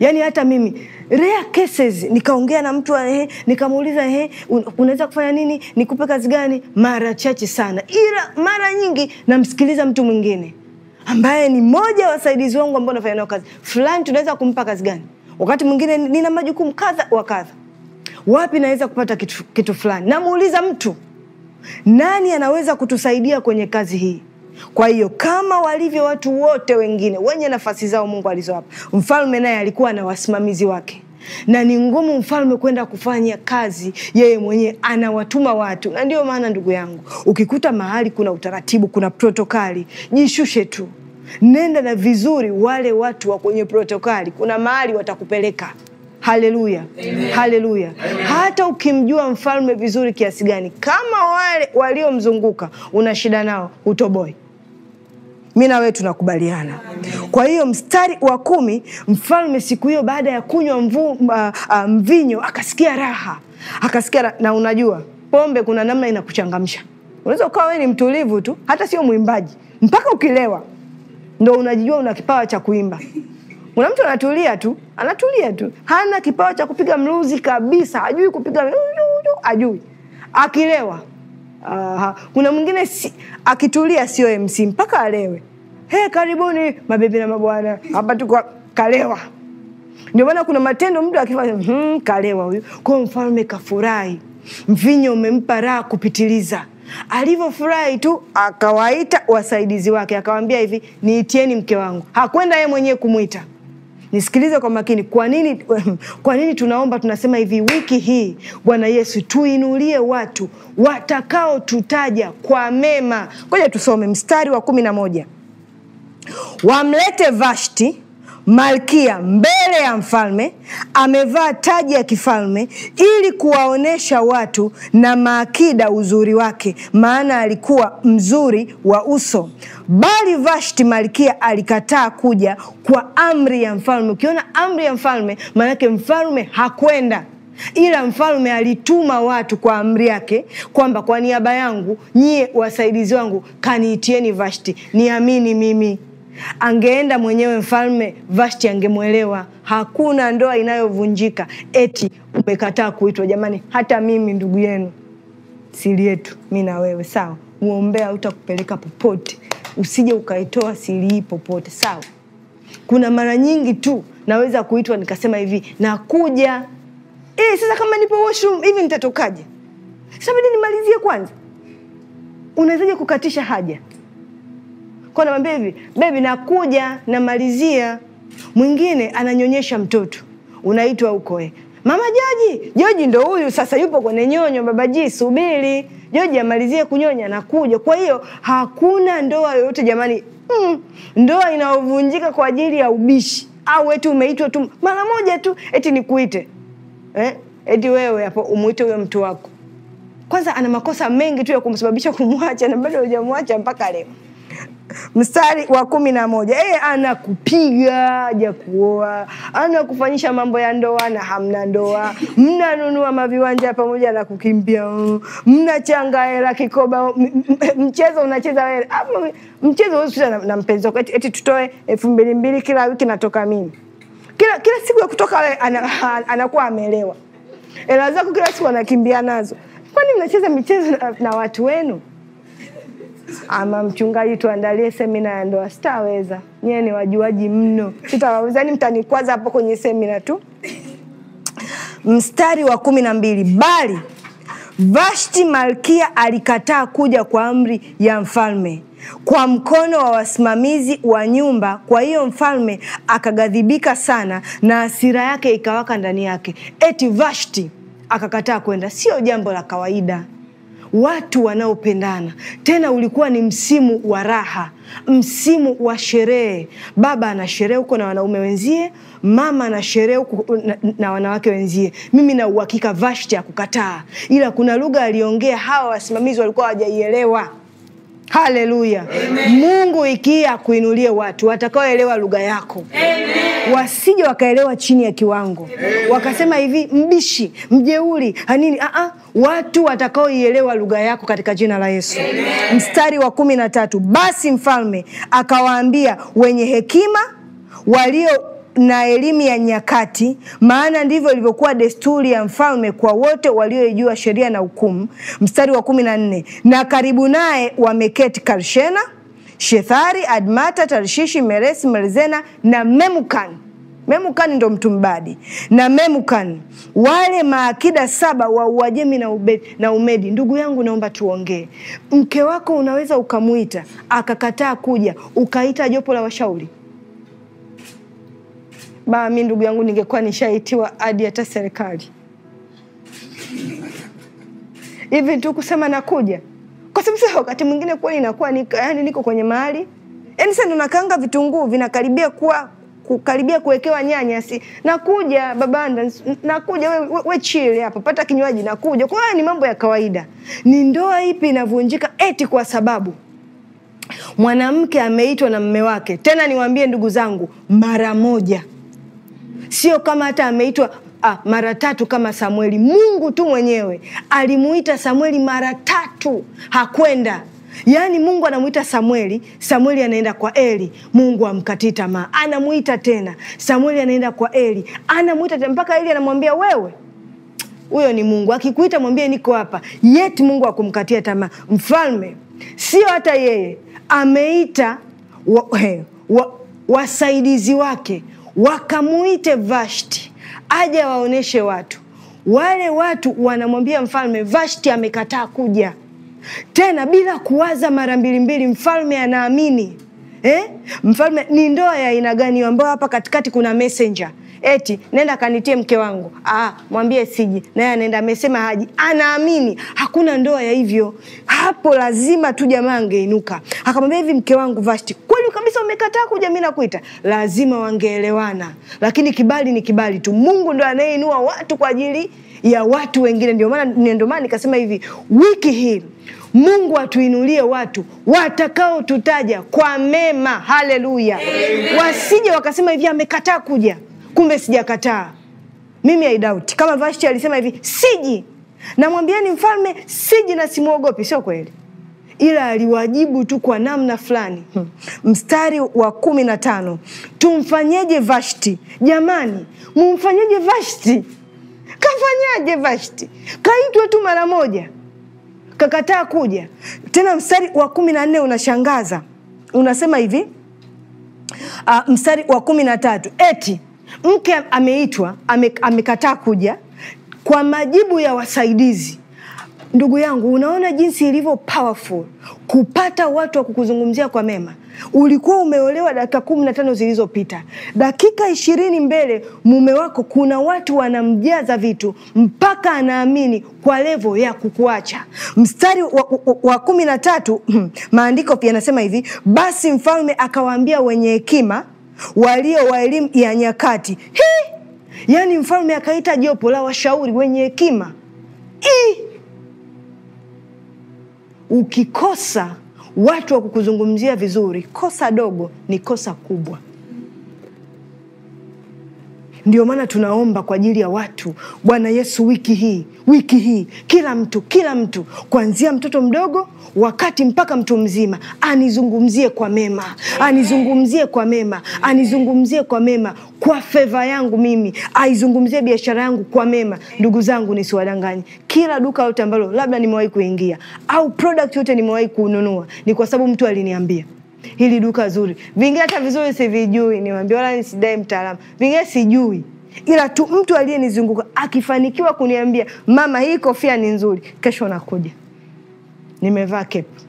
yaani hata mimi rare cases nikaongea na mtu eh, nikamuuliza eh, unaweza kufanya nini, nikupe kazi gani? Mara chache sana, ila mara nyingi namsikiliza mtu mwingine ambaye ni mmoja wa wasaidizi wangu ambao nafanya nao kazi fulani, tunaweza kumpa kazi gani? Wakati mwingine nina majukumu kadha wa kadha wapi naweza kupata kitu, kitu fulani. Namuuliza mtu, nani anaweza kutusaidia kwenye kazi hii? Kwa hiyo kama walivyo watu wote wengine wenye nafasi zao Mungu alizowapa, mfalme naye alikuwa na wasimamizi wake na ni ngumu mfalme kwenda kufanya kazi yeye mwenyewe, anawatuma watu. Na ndiyo maana ndugu yangu, ukikuta mahali kuna utaratibu, kuna protokali, jishushe tu, nenda na vizuri, wale watu wa kwenye protokali, kuna mahali watakupeleka. Haleluya, haleluya! Hata ukimjua mfalme vizuri kiasi gani, kama wale waliomzunguka una shida nao, utoboi. Mi na wewe tunakubaliana. Kwa hiyo mstari wa kumi, mfalme siku hiyo baada ya kunywa mvinyo akasikia raha, akasikia raha. Na unajua pombe kuna namna inakuchangamsha. Unaweza ukawa wewe ni mtulivu tu, hata sio mwimbaji, mpaka ukilewa ndo unajijua una kipawa cha kuimba kuna mtu anatulia tu, anatulia tu, hana kipawa cha kupiga mluzi kabisa, ajui kupiga, ajui akilewa. Aha. Kuna mwingine si, akitulia sio MC mpaka alewe. He, karibuni mabibi na mabwana, hapa tuko kalewa. Ndio maana kuna matendo mtu akifanya hmm, kalewa huyu. Kwa mfalme kafurahi, mvinyo umempa raha kupitiliza. Alivyofurahi tu akawaita wasaidizi wake, akawambia hivi, niitieni mke wangu. Hakwenda yeye mwenyewe kumwita nisikilize kwa makini. Kwa nini, <laughs> kwa nini tunaomba? Tunasema hivi, wiki hii Bwana Yesu tuinulie watu watakaotutaja kwa mema. Ngoja tusome mstari wa kumi na moja wamlete Vashti malkia mbele ya mfalme, amevaa taji ya kifalme ili kuwaonyesha watu na maakida uzuri wake, maana alikuwa mzuri wa uso. Bali Vashti malkia alikataa kuja kwa amri ya mfalme. Ukiona amri ya mfalme, maanake mfalme hakwenda ila mfalme alituma watu kwa amri yake, kwamba kwa niaba yangu nyie wasaidizi wangu kaniitieni Vashti, niamini mimi. Angeenda mwenyewe mfalme Vashti angemwelewa. Hakuna ndoa inayovunjika eti umekataa kuitwa. Jamani, hata mimi ndugu yenu, siri yetu mi na wewe sawa. Uombea utakupeleka popote, usije ukaitoa siri hii popote, sawa. Kuna mara nyingi tu naweza kuitwa nikasema hivi nakuja. E, sasa kama nipo washroom hivi nitatokaje? Sabidi nimalizie kwanza. Unawezaje kukatisha haja? kwa namwambia hivi, bebi, nakuja namalizia. Mwingine ananyonyesha mtoto, unaitwa huko eh, mama Joji, Joji ndo huyu sasa, yupo kwenye nyonyo, baba Ji subiri Joji amalizie kunyonya nakuja. Kwa hiyo hakuna ndoa yoyote jamani, mm, ndoa inaovunjika kwa ajili ya ubishi au eti umeitwa tu mara moja tu eti nikuite eh? Eti wewe hapo umuite huyo mtu wako, kwanza ana makosa mengi tu ya kumsababisha kumwacha, na bado hujamwacha mpaka leo mstari wa kumi na moja yeye anakupiga ja kuoa anakufanyisha mambo ya ndoa na hamna ndoa mnanunua maviwanja pamoja na kukimbia mnachanga hela kikoba mchezo unacheza wewe ah, mchezo huwezi kucheza na mpenzi wako eti tutoe elfu mbili mbili kila wiki natoka mimi kila, kila siku ya kutoka wewe anakuwa amelewa hela zako kila siku anakimbia nazo kwani mnacheza michezo na, na watu wenu ama mchungaji, tuandalie semina ya ndoa. Sitaweza, nyewe ni wajuaji mno, sitawawezani, mtanikwaza hapo kwenye semina tu. Mstari wa kumi na mbili bali Vashti malkia alikataa kuja kwa amri ya mfalme kwa mkono wa wasimamizi wa nyumba. Kwa hiyo mfalme akaghadhibika sana, na hasira yake ikawaka ndani yake. Eti Vashti akakataa kwenda, sio jambo la kawaida watu wanaopendana. Tena ulikuwa ni msimu wa raha, msimu wa sherehe. Baba ana sherehe huko na wanaume wenzie, mama ana sherehe huko na, na wanawake wenzie. Mimi na uhakika Vashti ya kukataa, ila kuna lugha aliongea hawa wasimamizi walikuwa hawajaielewa Haleluya! Mungu ikia kuinulie watu watakaoelewa lugha yako, wasije wakaelewa chini ya kiwango Amen. Wakasema hivi mbishi, mjeuri, anini A-a. Ah, ah. watu watakaoielewa lugha yako katika jina la Yesu Amen. Mstari wa kumi na tatu, basi mfalme akawaambia wenye hekima walio na elimu ya nyakati, maana ndivyo ilivyokuwa desturi ya mfalme kwa wote walioijua sheria na hukumu. Mstari wa kumi na nne na karibu naye wameketi Karshena, Shethari, Admata, Tarshishi, Meresi, Melzena na Memukan. Memukan ndo mbadi na Memukan, wale maakida saba wa Uajemi na, na Umedi. Ndugu yangu, naomba tuongee. Mke wako unaweza ukamwita akakataa kuja, ukaita jopo la washauri ba mi ndugu yangu, ningekuwa nishaitiwa hadi hata serikali hivi tu kusema nakuja, kwa sababu sasa wakati mwingine kweli inakuwa yani niko kwenye mahali yani sasa tunakaanga vitunguu vinakaribia kuwa kukaribia kuwekewa nyanya, si nakuja babanda, nakuja we, we, we chili hapa, pata kinywaji, nakuja. Kwa ni mambo ya kawaida. Ni ndoa ipi inavunjika eti kwa sababu mwanamke ameitwa na mme wake? Tena niwaambie ndugu zangu, mara moja sio kama hata ameitwa ah, mara tatu kama Samueli. Mungu tu mwenyewe alimuita Samueli mara tatu, hakwenda Yaani Mungu anamuita samweli Samueli anaenda kwa Eli, Mungu amkatii tamaa, anamuita tena Samweli anaenda kwa Eli, anamuita tena mpaka Eli anamwambia wewe, huyo ni Mungu akikuita mwambie niko hapa. Yet Mungu akumkatia tamaa. Mfalme sio hata yeye ameita wa, he, wa, wasaidizi wake wakamuite Vashti aje waoneshe watu. Wale watu wanamwambia mfalme, Vashti amekataa kuja tena. Bila kuwaza mara mbili mbili, mfalme anaamini eh? Mfalme, ni ndoa ya aina gani ambayo hapa katikati kuna messenger eti nenda kanitie mke wangu, ah, mwambie siji, naye anaenda amesema haji, anaamini hakuna ndoa ya hivyo. Hapo lazima tu jamaa angeinuka akamwambia hivi, mke wangu Vashti, kweli kabisa umekataa kuja, mimi nakuita. Lazima wangeelewana, lakini kibali ni kibali tu. Mungu ndo anayeinua watu kwa ajili ya watu wengine. Ndio maana ndio maana nikasema hivi, wiki hii Mungu atuinulie watu watakaotutaja kwa mema. Haleluya! wasije wakasema hivi amekataa kuja kumbe sijakataa mimi I doubt kama Vashti alisema hivi, siji namwambieni mfalme siji na simwogopi, sio kweli, ila aliwajibu tu kwa namna fulani hmm. Mstari wa kumi na tano tumfanyeje Vashti? Jamani, mumfanyeje Vashti? Kafanyaje Vashti? Kaitwa tu mara moja kakataa kuja tena. Mstari wa kumi na nne unashangaza, unasema hivi uh, mstari wa kumi na tatu eti mke ameitwa ame, amekataa kuja kwa majibu ya wasaidizi. Ndugu yangu, unaona jinsi ilivyo powerful kupata watu wa kukuzungumzia kwa mema. Ulikuwa umeolewa dakika kumi na tano zilizopita, dakika ishirini mbele mume wako, kuna watu wanamjaza vitu mpaka anaamini kwa levo ya kukuacha. Mstari wa, wa, wa kumi na tatu <clears throat> maandiko pia anasema hivi, basi mfalme akawaambia wenye hekima walio wa elimu ya nyakati hi! Yaani mfalme akaita jopo la washauri wenye hekima. Ukikosa watu wa kukuzungumzia vizuri, kosa dogo ni kosa kubwa. Ndio maana tunaomba kwa ajili ya watu, Bwana Yesu, wiki hii, wiki hii, kila mtu, kila mtu, kuanzia mtoto mdogo wakati mpaka mtu mzima, anizungumzie kwa mema, anizungumzie kwa mema, anizungumzie kwa mema, kwa feva yangu mimi, aizungumzie biashara yangu kwa mema. Ndugu zangu, nisiwadanganyi, kila duka lote ambalo labda nimewahi kuingia au product yote nimewahi kununua, ni kwa sababu mtu aliniambia hili duka zuri, vingine hata vizuri sivijui, niwaambia wala nisidai mtaalamu, vingine sijui ila tu mtu aliyenizunguka akifanikiwa kuniambia mama, hii kofia ni nzuri, kesho nakuja nimevaa kepu,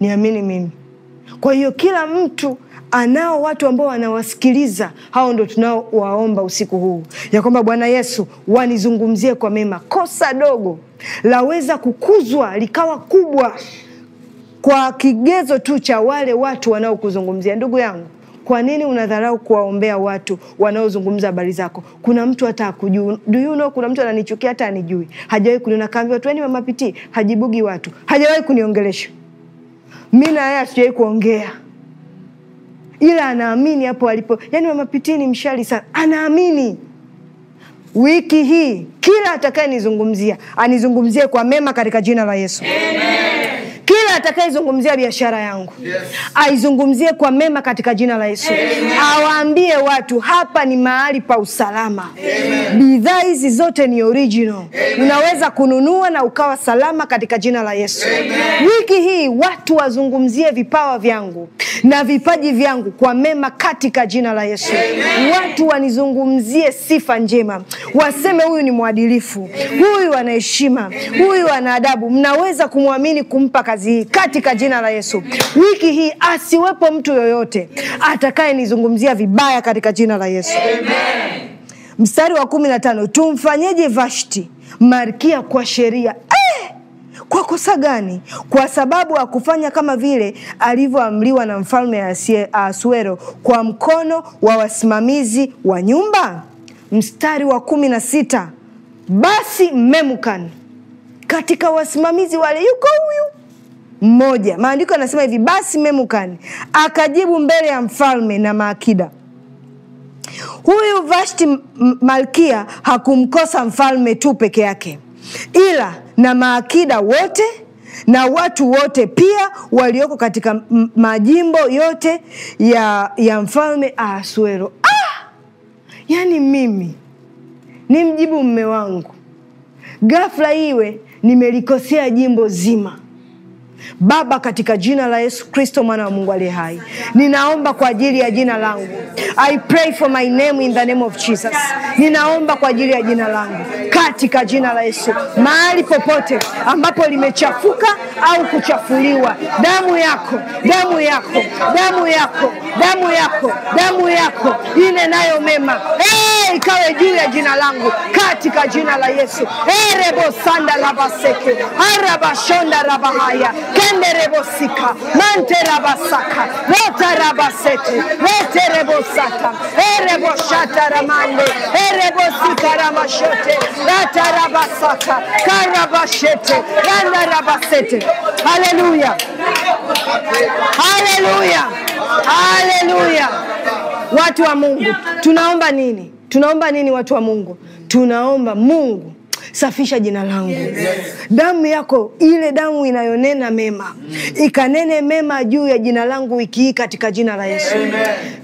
niamini mimi. Kwa hiyo kila mtu anao watu ambao wanawasikiliza. Hao ndo tunaowaomba usiku huu ya kwamba Bwana Yesu wanizungumzie kwa mema. Kosa dogo laweza kukuzwa likawa kubwa kwa kigezo tu cha wale watu wanaokuzungumzia. Ndugu yangu, kwa nini unadharau kuwaombea watu wanaozungumza habari zako? Kuna mtu hata akujui do you know, kuna mtu ananichukia hata anijui, hajawahi kuniona. Kaambia tueni yaani mama pitii, hajibugi watu, hajawahi kuniongelesha mi na yeye, hatujawahi kuongea, ila anaamini hapo alipo. Yani mama pitii ni mshari sana, anaamini wiki hii kila atakayenizungumzia anizungumzie kwa mema katika jina la Yesu, Amen kila atakayezungumzia biashara yangu yes. aizungumzie kwa mema katika jina la Yesu. Awaambie watu hapa ni mahali pa usalama. Bidhaa hizi zote ni original. Amen. Unaweza kununua na ukawa salama katika jina la Yesu. Amen. Wiki hii watu wazungumzie vipawa vyangu na vipaji vyangu kwa mema katika jina la Yesu. Amen. Watu wanizungumzie sifa njema, waseme huyu ni mwadilifu, huyu ana heshima, huyu ana adabu. Mnaweza kumwamini kumpa kazi hii katika jina la Yesu. Wiki hii asiwepo mtu yoyote atakayenizungumzia vibaya katika jina la Yesu. Amen. Mstari wa kumi na tano tumfanyeje Vashti malkia kwa sheria eh, kwa kosa gani? Kwa sababu kufanya kama vile alivyoamriwa na mfalme Asuero kwa mkono wa wasimamizi wa nyumba. Mstari wa kumi na sita basi Memukan katika wasimamizi wale yuko huyu moja. Maandiko yanasema hivi, basi Memukani akajibu mbele ya mfalme na maakida Huyu Vashti malkia hakumkosa mfalme tu peke yake, ila na maakida wote na watu wote pia walioko katika majimbo yote ya, ya mfalme Ahasuero. Ah! Yani mimi ni mjibu mme wangu, ghafla iwe nimelikosea jimbo zima Baba, katika jina la Yesu Kristo mwana wa Mungu aliye hai, ninaomba kwa ajili ya jina langu. I pray for my name in the name of Jesus. Ninaomba kwa ajili ya jina langu katika jina la Yesu, mahali popote ambapo limechafuka au kuchafuliwa, damu yako, damu yako, damu yako, damu yako, damu yako ine nayo mema hey! ikawe ee, juu ya jina langu katika jina la Yesu. erebo sanda labaseke arabashonda rabahaya kenderebosika manterabasaka rotarabasete reterebosata ereboshata ramande erebosika ramashote ratarabasaka karabashete randarabasete. Haleluya, haleluya, haleluya! Watu wa Mungu, tunaomba nini? Tunaomba nini watu wa Mungu? Tunaomba Mungu safisha jina langu. Yes. Damu yako ile damu inayonena mema ikanene mema juu ya jina langu wiki hii katika jina la Yesu. Amen.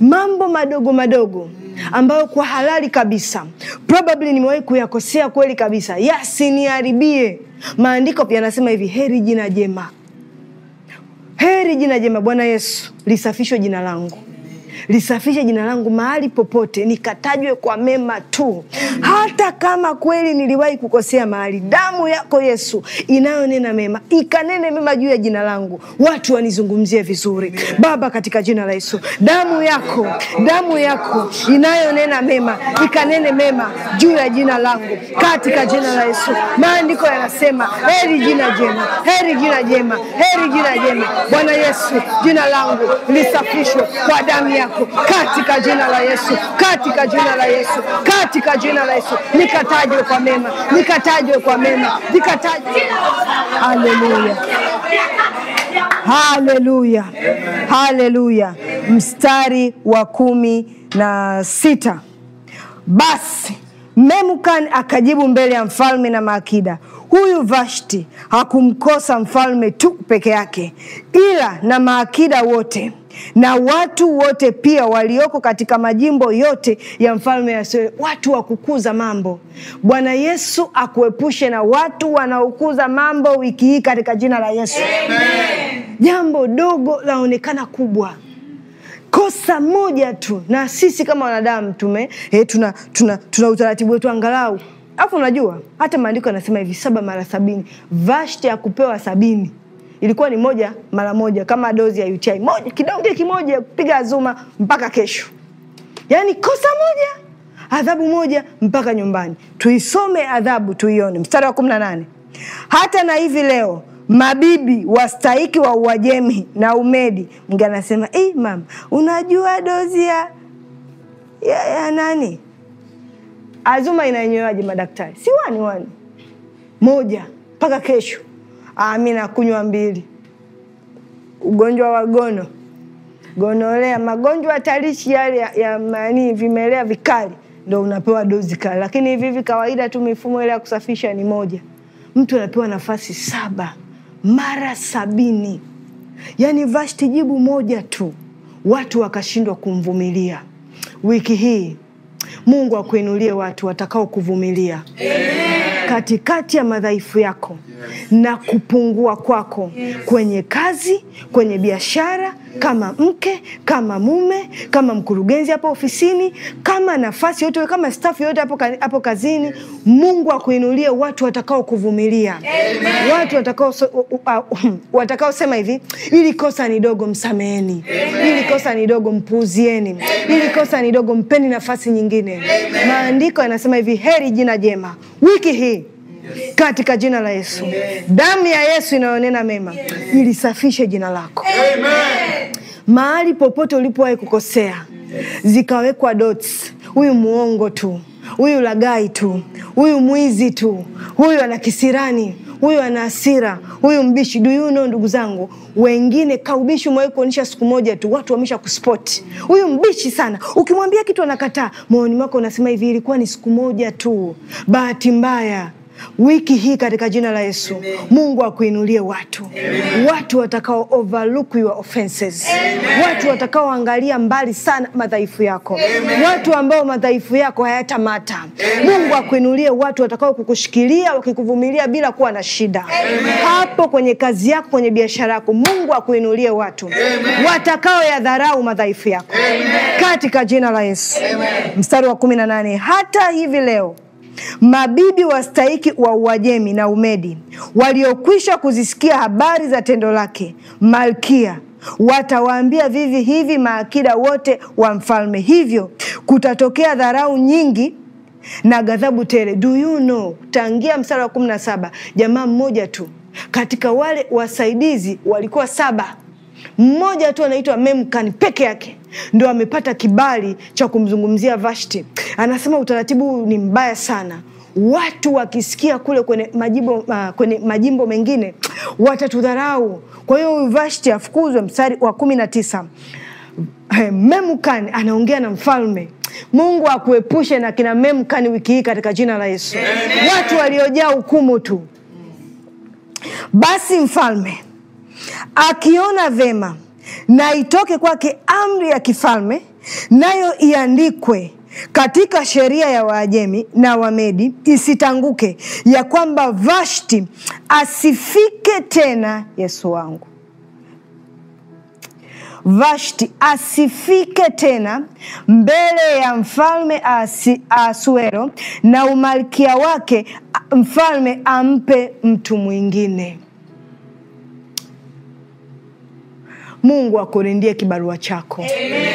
Mambo madogo madogo ambayo kwa halali kabisa probably nimewahi kuyakosea kweli kabisa, yasiniharibie. Maandiko pia anasema hivi, heri jina jema, heri jina jema, Bwana Yesu, lisafishwe jina langu lisafishe jina langu mahali popote, nikatajwe kwa mema tu, hata kama kweli niliwahi kukosea mahali. Damu yako Yesu inayonena mema ikanene mema juu ya jina langu, watu wanizungumzie vizuri Baba, katika jina la Yesu. Damu yako, damu yako inayonena mema ikanene mema juu ya jina langu, katika jina la Yesu. Maandiko yanasema heri jina jema, heri jina jema, heri jina jema. Bwana Yesu, jina langu lisafishwe kwa damu yako katika jina la Yesu, katika jina la Yesu, katika jina la Yesu. Nikatajwe kwa mema, nikatajwe kwa mema, nikatajwe. Haleluya, haleluya, haleluya. Mstari wa kumi na sita basi Memukan akajibu mbele ya mfalme na maakida Huyu Vashti hakumkosa mfalme tu peke yake, ila na maakida wote na watu wote pia walioko katika majimbo yote ya mfalme Ahasuero, watu wa kukuza mambo. Bwana Yesu akuepushe na watu wanaokuza mambo wiki hii katika jina la Yesu. Amen. Jambo dogo laonekana kubwa kosa moja tu, na sisi kama wanadamu tume eh, tuna, tuna, tuna utaratibu wetu angalau Alafu unajua hata maandiko yanasema hivi saba mara sabini. Vashti ya kupewa sabini ilikuwa ni moja mara moja, kama dozi ya UTI moja, kidonge kimoja kupiga azuma mpaka kesho, Yani kosa moja adhabu moja mpaka nyumbani. Tuisome adhabu tuione, mstari wa kumi na nane hata na hivi leo mabibi wastahiki wa Uajemi na Umedi. Mge anasema mam, unajua dozi ya, ya, ya nani Azuma inanyewaje madaktari? Si wani wani moja mpaka kesho. Ah, mimi nakunywa mbili. Ugonjwa wa gono, gonolea, magonjwa hatarishi yale ya, ya mani vimelea vikali, ndo unapewa dozi kali, lakini hivi hivi kawaida tu mifumo ile ya kusafisha ni moja. Mtu anapewa nafasi saba mara sabini, yaani Vashti jibu moja tu, watu wakashindwa kumvumilia. Wiki hii Mungu akuinulie watu watakao kuvumilia. Amen katikati ya madhaifu yako na kupungua kwako kwenye kazi, kwenye biashara kama mke, kama mume, kama mkurugenzi hapo ofisini, kama nafasi yote, kama stafu yote hapo kazini yes. Mungu akuinulie wa watu watakao kuvumilia Amen. watu watakao so, hmm, watakao sema hivi, ili kosa ni dogo msameheni, ili kosa ni dogo mpuuzieni, ili kosa ni dogo mpeni nafasi nyingine Amen. Maandiko yanasema hivi, heri jina jema wiki hii yes. Katika jina la Yesu, damu ya Yesu inayonena mema yes. Ilisafishe jina lako Amen. Mahali popote ulipowahi kukosea zikawekwa dots, huyu muongo tu, huyu lagai tu, huyu mwizi tu, huyu ana kisirani huyu ana hasira, huyu mbishi. Do you know, ndugu zangu, wengine kaubishi umewahi kuonyesha siku moja tu, watu wamesha kuspoti huyu mbishi sana. Ukimwambia kitu anakataa, moyoni mwako unasema hivi, ilikuwa ni siku moja tu, bahati mbaya wiki hii katika jina la Yesu. Amen. Mungu akuinulie watu. Amen. Watu watakao overlook your offenses. Amen. Watu watakaoangalia mbali sana madhaifu yako. Amen. Watu ambao madhaifu yako hayatamata. Mungu akuinulie watu watakao kukushikilia wakikuvumilia bila kuwa na shida. Amen. Hapo kwenye kazi yako, kwenye biashara yako, Mungu akuinulie watu watakao yadharau madhaifu yako. Amen. Katika jina la Yesu. Amen. Mstari wa kumi na nane hata hivi leo Mabibi wastahiki wa Uajemi na Umedi waliokwisha kuzisikia habari za tendo lake malkia watawaambia vivi hivi maakida wote wa mfalme, hivyo kutatokea dharau nyingi na ghadhabu tele. Do you know, tangia msara wa kumi na saba jamaa mmoja tu katika wale wasaidizi walikuwa saba, mmoja tu anaitwa memkan peke yake ndo amepata kibali cha kumzungumzia Vashti. Anasema utaratibu huu ni mbaya sana watu wakisikia kule kwenye majimbo, uh, kwenye majimbo mengine watatudharau. Kwa hiyo huyu Vashti afukuzwe. Mstari wa kumi na tisa eh, Memukan anaongea na mfalme. Mungu akuepushe na kina Memukani wiki hii katika jina la Yesu. Amen. Watu waliojaa hukumu tu. Basi mfalme akiona vema na itoke kwake amri ya kifalme, nayo iandikwe katika sheria ya Waajemi na Wamedi, isitanguke, ya kwamba Vashti asifike tena Yesu wangu. Vashti asifike tena mbele ya mfalme Asuero, na umalkia wake mfalme ampe mtu mwingine. Mungu akulindie kibarua chako Amen.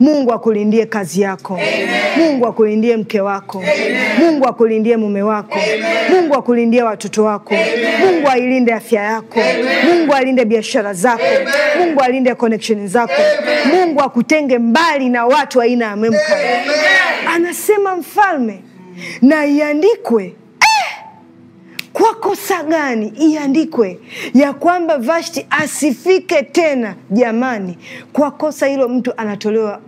Mungu akulindie kazi yako Amen. Mungu akulindie mke wako Amen. Mungu akulindie mume wako Amen. Mungu akulindie watoto wako Amen. Mungu ailinde afya yako Amen. Mungu alinde biashara zako Amen. Mungu alinde connection zako Amen. Mungu akutenge mbali na watu aina ya memka. Anasema mfalme na iandikwe kwa kosa gani iandikwe ya kwamba Vashti asifike tena? Jamani, kwa kosa hilo mtu anatolewa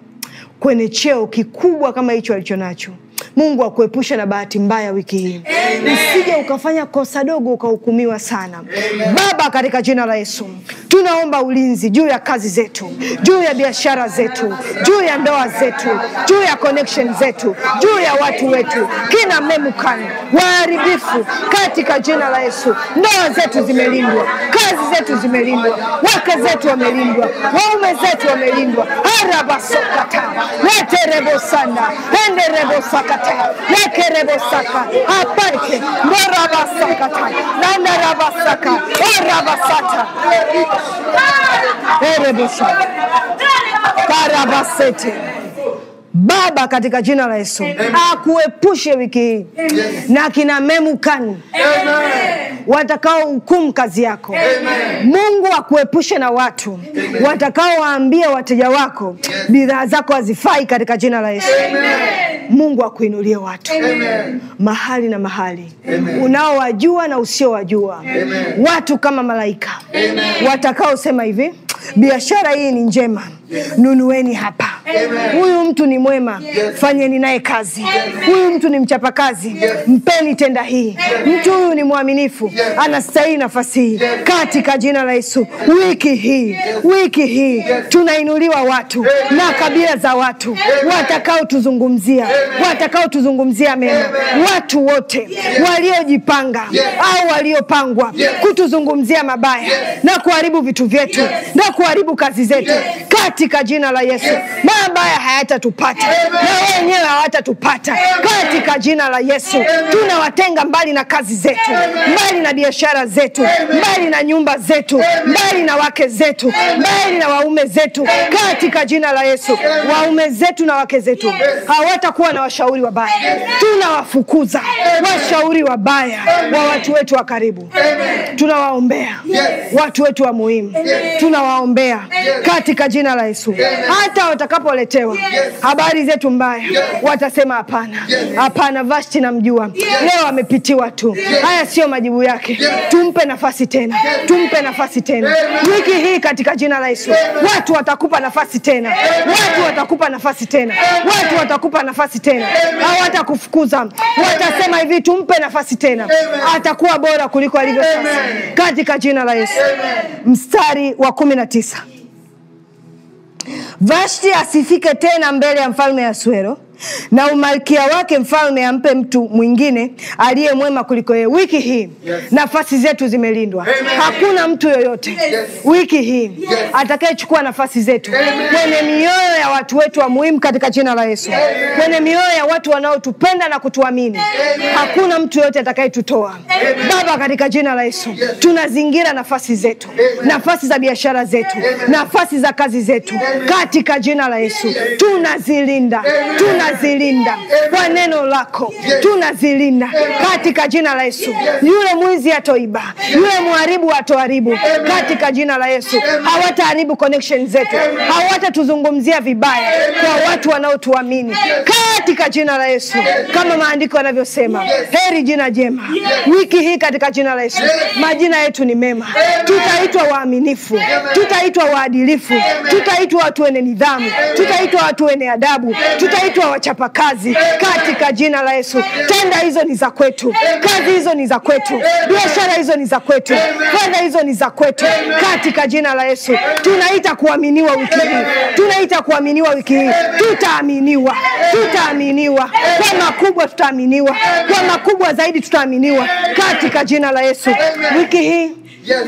kwenye cheo kikubwa kama hicho alichonacho. Mungu akuepushe na bahati mbaya wiki hii, usije ukafanya kosa dogo ukahukumiwa sana. Amen. Baba, katika jina la Yesu tunaomba ulinzi juu ya kazi zetu, juu ya biashara zetu, juu ya ndoa zetu, juu ya connection zetu, juu ya watu wetu, kina memukan waharibifu, katika jina la Yesu. Ndoa zetu zimelindwa, kazi zetu zimelindwa, wake zetu wamelindwa, waume zetu wamelindwa. arabasokata leterebo sana enderebo sakata Rabasaka, Yakerebosaka, Apate, Morabasakata, Nanda Rabasaka, Orabasata, Erebosaka, Karabasete. Baba katika jina la Yesu akuepushe wiki hii na kina memukani watakaohukumu kazi yako Amen. Mungu akuepushe na watu watakaowaambia wateja wako yes, bidhaa zako hazifai katika jina la Yesu Amen. Mungu akuinulie watu Amen. mahali na mahali unaowajua na usiowajua watu kama malaika watakaosema hivi, biashara hii ni njema nunueni hapa huyu mtu ni mwema yes. fanyeni naye kazi huyu mtu ni mchapakazi yes. mpeni tenda hii mtu huyu ni mwaminifu yes. anastahili nafasi hii yes. katika jina la Yesu wiki hii yes. wiki hii yes. tunainuliwa watu Amen. na kabila za watu watakaotuzungumzia watakaotuzungumzia mema watu wote yes. waliojipanga yes. au waliopangwa yes. kutuzungumzia mabaya yes. na kuharibu vitu vyetu yes. na kuharibu kazi zetu yes katika jina la Yesu. Mabaya hayatatupata na wenyewe hawatatupata katika jina la Yesu. Tunawatenga mbali na kazi zetu, mbali na biashara zetu, mbali na nyumba zetu, mbali na wake zetu, mbali na waume zetu, katika jina la Yesu. Waume zetu na wake zetu hawatakuwa na washauri wabaya. Tunawafukuza washauri wabaya wa watu wetu wa karibu. Tunawaombea watu wetu wa muhimu, tunawaombea katika jina la Yesu yes. hata watakapoletewa yes. habari zetu mbaya yes. watasema hapana, hapana yes. Vashti namjua yes. leo amepitiwa tu yes. haya sio majibu yake yes. tumpe nafasi tena yes. tumpe nafasi tena Amen. wiki hii katika jina la Yesu Amen. watu watakupa nafasi tena Amen. watu watakupa nafasi tena Amen. watu watakupa nafasi tena hawatakufukuza watasema hivi, tumpe nafasi tena Amen. atakuwa bora kuliko alivyo sasa katika jina la Yesu Amen. mstari wa kumi na tisa Vashti asifike tena mbele ya mfalme Asuero, na umalkia wake mfalme ampe mtu mwingine aliye mwema kuliko yeye. Wiki hii yes. nafasi zetu zimelindwa. Amen. Hakuna mtu yoyote yes. wiki hii yes. atakayechukua nafasi zetu kwenye mioyo ya watu wetu wa muhimu katika jina la Yesu kwenye mioyo ya watu wanaotupenda na kutuamini Amen. hakuna mtu yoyote atakayetutoa Baba, katika jina la Yesu yes. tunazingira nafasi zetu Amen. nafasi za biashara zetu Amen. nafasi za kazi zetu Amen. katika jina la Yesu tunazilinda tuna tunazilinda kwa neno lako, tunazilinda katika jina la Yesu. Yule mwizi atoiba, yule mharibu atoharibu katika jina la Yesu. Hawataharibu connection zetu, hawatatuzungumzia vibaya kwa watu wanaotuamini katika jina la Yesu, kama maandiko yanavyosema, heri jina jema. Wiki hii katika jina la Yesu, majina yetu ni mema, tutaitwa waaminifu, tutaitwa waadilifu, tutaitwa watu wenye nidhamu, tutaitwa watu wenye adabu, tutaitwa wachapakazi katika jina la Yesu. Tenda hizo ni za kwetu, kazi hizo ni za kwetu, biashara hizo ni za kwetu, fedha hizo ni za kwetu katika jina la Yesu. Tunaita kuaminiwa wiki hii, tunaita kuaminiwa wiki hii. Tutaaminiwa, tutaaminiwa kwa makubwa, tutaaminiwa kwa makubwa zaidi, tutaaminiwa katika jina la Yesu. Wiki hii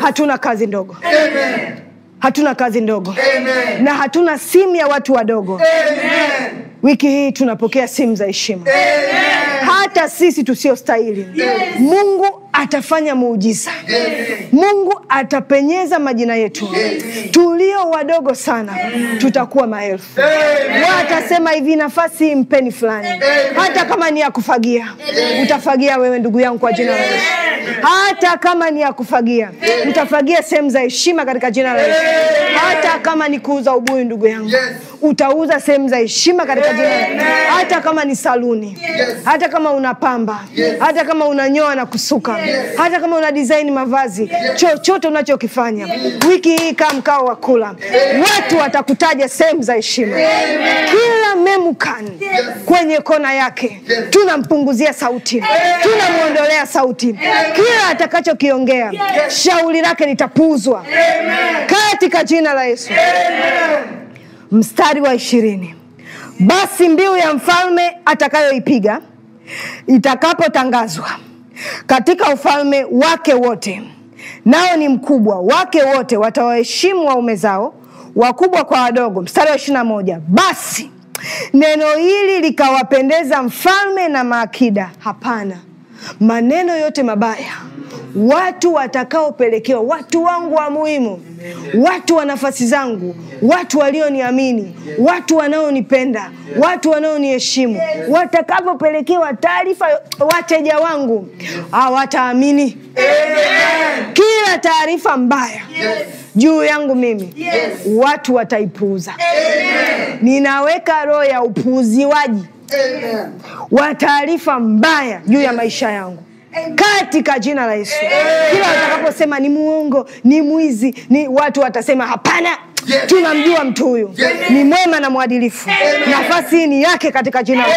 hatuna kazi ndogo Amen. Hatuna kazi ndogo Amen. Na hatuna simu ya watu wadogo Amen. Wiki hii tunapokea simu za heshima, hata sisi tusiostahili. Yes. Mungu atafanya muujiza. Mungu atapenyeza majina yetu. Tulio wadogo sana tutakuwa maelfu. Watasema hivi, nafasi mpeni fulani, hata kama ni ya kufagia, utafagia wewe ndugu yangu kwa jina la Yesu. Hata kama ni ya kufagia, utafagia sehemu za heshima katika jina la Yesu. Hata kama ni kuuza ubuyu, ndugu yangu, utauza sehemu za heshima katika jina la Hata kama ni saluni, hata kama unapamba, hata kama unanyoa na kusuka yes. hata kama una design mavazi yes. chochote unachokifanya yes. wiki hii kaa mkao wa kula yes. watu watakutaja sehemu za heshima kila memukan yes. kwenye kona yake yes. tunampunguzia sauti yes. tunamwondolea sauti yes. kila atakachokiongea yes. shauri lake litapuuzwa katika jina la yesu mstari wa ishirini basi mbiu ya mfalme atakayoipiga itakapotangazwa katika ufalme wake wote, nao ni mkubwa wake wote watawaheshimu waume zao, wakubwa kwa wadogo. Mstari wa ishirini na moja basi neno hili likawapendeza mfalme na maakida? Hapana, maneno yote mabaya, watu watakaopelekewa, watu wangu wa muhimu, watu wa nafasi zangu, watu walioniamini, watu wanaonipenda, watu wanaoniheshimu, watakapopelekewa taarifa, wateja wangu hawataamini kila taarifa mbaya juu yangu mimi yes. Watu wataipuuza. Ninaweka roho ya upuuziwaji wa taarifa mbaya juu ya maisha yangu katika jina la Yesu. Kila watakaposema ni muongo, ni mwizi, ni watu watasema hapana yes. tunamjua mtu huyu yes. ni mwema na mwadilifu nafasi hii ni yake katika jina la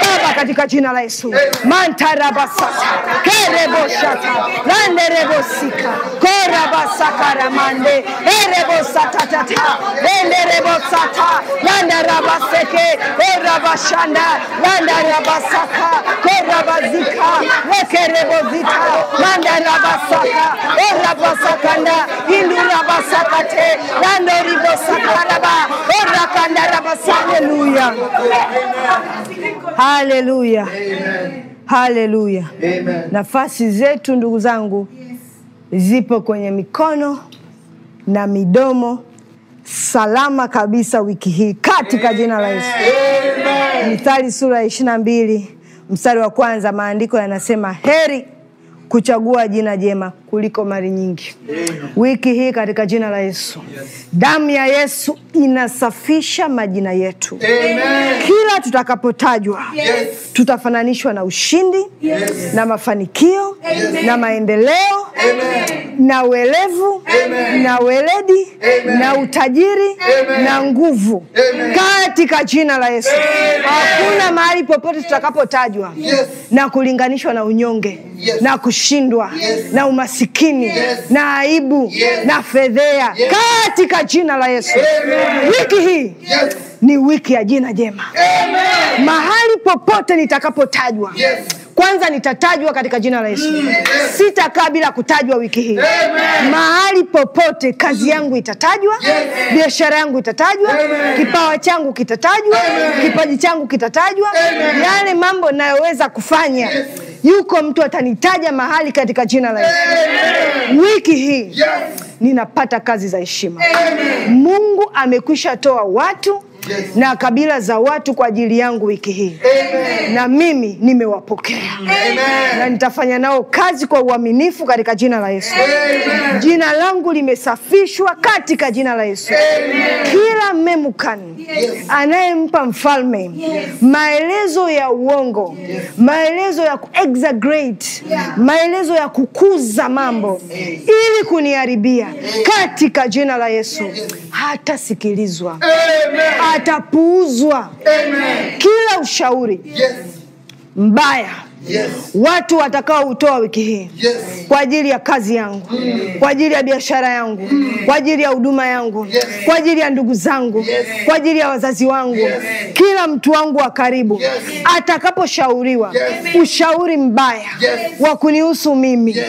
baba katika jina la yesu mantarabasaa kereboshata landerebosika korabasakaramande erebosatatata enderebosata landarabaseke orabashanda landarabasaka korabazika lekerebozita landarabasaka orabasakanda indurabasakate lando Haleluya, haleluya, haleluya. Nafasi zetu ndugu zangu, yes, zipo kwenye mikono na midomo salama kabisa wiki hii katika jina la Yesu. Mithali sura ya ishirini na mbili mstari wa kwanza, maandiko yanasema heri kuchagua jina jema kuliko mali nyingi wiki hii katika jina la Yesu. Damu ya Yesu inasafisha majina yetu. Amen. Kila tutakapotajwa, yes. tutafananishwa na ushindi, yes. na mafanikio, Amen. na maendeleo, Amen. na uelevu, Amen. na weledi, Amen. na utajiri, Amen. na nguvu, Amen. katika jina la Yesu. Hakuna mahali popote tutakapotajwa, yes. na kulinganishwa na unyonge, yes. na kushindwa, yes. na umasikini umasikini yes. na aibu yes. na fedhea yes. katika jina la Yesu Amen. Wiki hii yes. ni wiki ya jina jema Amen. Mahali popote nitakapotajwa yes. Kwanza nitatajwa katika jina la Yesu mm. yes. Sitakaa bila kutajwa wiki hii. Mahali popote kazi yangu itatajwa, yes. biashara yangu itatajwa, kipawa changu kitatajwa, kipaji changu kitatajwa, yale mambo nayoweza kufanya yes yuko mtu atanitaja mahali katika jina la Yesu. Wiki hii yes, ninapata kazi za heshima. Mungu amekwisha toa watu na kabila za watu kwa ajili yangu wiki hii na mimi nimewapokea na nitafanya nao kazi kwa uaminifu katika jina la Yesu Amen. jina langu limesafishwa katika jina la Yesu Amen. kila memukan yes. anayempa mfalme yes. maelezo ya uongo yes. maelezo ya ku yeah. maelezo ya kukuza mambo yes. ili kuniharibia katika jina la Yesu hatasikilizwa atapuuzwa kila ushauri yes. mbaya Yes. Watu utoa wiki hii yes. Kwa ajili ya kazi yangu mm. Kwa ajili ya biashara yangu mm. Kwa ajili ya huduma yangu yes. Kwa ajili ya ndugu zangu yes. Kwa ajili ya wazazi wangu yes. Kila mtu wangu wa karibu yes. Atakaposhauriwa yes. ushauri mbaya yes. wa kunihusu mimi yes.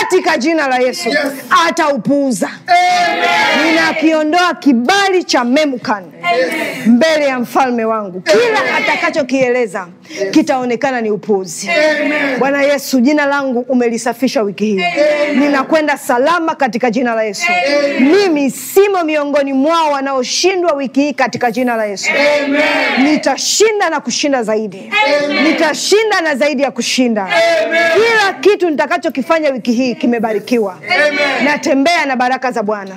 Katika jina la Yesu yes. Ataupuuza. Ninakiondoa kibali cha Memukan mbele ya mfalme wangu, kila atakachokieleza kitaonekana ni upuzi. Bwana Yesu, jina langu umelisafisha wiki hii, ninakwenda salama katika jina la Yesu. Mimi simo miongoni mwao wanaoshindwa wiki hii katika jina la Yesu. Nitashinda na kushinda zaidi. Nitashinda na zaidi ya kushinda. Kila kitu nitakachokifanya wiki hii kimebarikiwa. Natembea na baraka za Bwana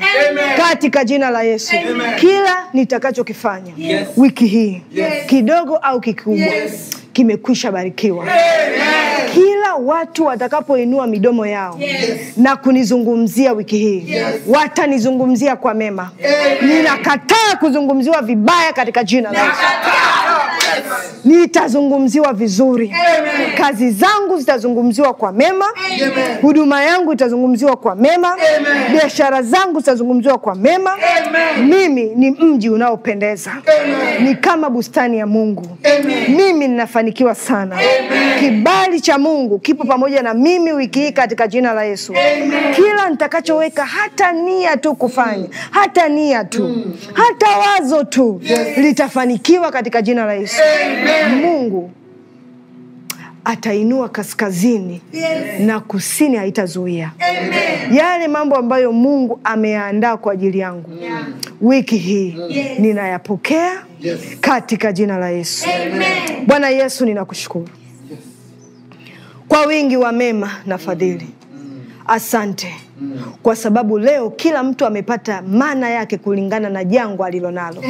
katika jina la Yesu. Amen. Kila nitakachokifanya yes. wiki hii yes. kidogo au kikubwa yes kimekwisha barikiwa. Amen. Kila watu watakapoinua midomo yao yes, na kunizungumzia wiki hii yes, watanizungumzia kwa mema. Ninakataa kuzungumziwa vibaya katika jina la Yesu nitazungumziwa vizuri Amen. kazi zangu zitazungumziwa kwa mema Amen. huduma yangu itazungumziwa kwa mema biashara zangu zitazungumziwa kwa mema Amen. mimi ni mji unaopendeza ni kama bustani ya Mungu Amen. mimi ninafanikiwa sana Amen. kibali cha Mungu kipo pamoja na mimi wiki hii katika jina la Yesu Amen. kila nitakachoweka hata nia tu kufanya hata nia tu mm. hata wazo tu yes. litafanikiwa katika jina la Yesu Amen. Mungu atainua kaskazini yes, na kusini haitazuia. Yale mambo ambayo Mungu ameyaandaa kwa ajili yangu yeah, wiki hii yes, ninayapokea yes, katika jina la Yesu. Amen. Bwana Yesu, ninakushukuru yes, kwa wingi wa mema na fadhili. Mm. Asante Mm. kwa sababu leo kila mtu amepata mana yake kulingana na jangwa alilonalo.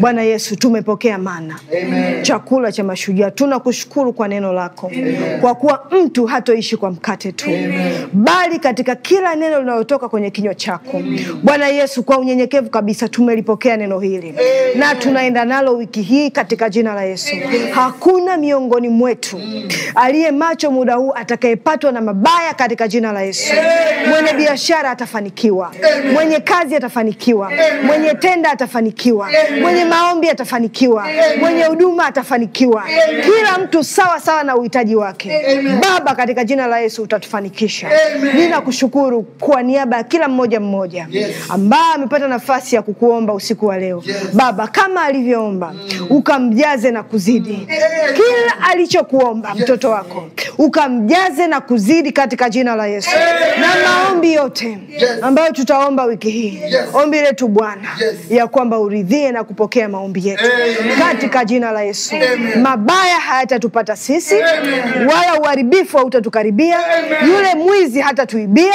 Bwana Yesu, tumepokea mana, Amen. Chakula cha mashujaa. Tunakushukuru kwa neno lako, Amen. Kwa kuwa mtu hatoishi kwa mkate tu, Amen. Bali katika kila neno linalotoka kwenye kinywa chako, Amen. Bwana Yesu, kwa unyenyekevu kabisa tumelipokea neno hili, Amen. Na tunaenda nalo wiki hii katika jina la Yesu, Amen. Hakuna miongoni mwetu mm. aliye macho muda huu atakayepatwa na mabaya katika jina la Yesu, Amen mwenye biashara atafanikiwa, mwenye kazi atafanikiwa, mwenye tenda atafanikiwa, mwenye maombi atafanikiwa, mwenye huduma atafanikiwa, kila mtu sawa sawa na uhitaji wake. Baba, katika jina la Yesu utatufanikisha. Ninakushukuru kwa niaba ya kila mmoja mmoja ambaye amepata nafasi ya kukuomba usiku wa leo. Baba, kama alivyoomba, mm. ukamjaze na kuzidi mm. kila alichokuomba mtoto wako, ukamjaze na kuzidi katika jina la Yesu na maombi yote ambayo tutaomba wiki hii, ombi letu Bwana ya kwamba uridhie na kupokea maombi yetu katika jina la Yesu. Mabaya hayatatupata sisi, wala uharibifu hautatukaribia. Yule mwizi hata tuibia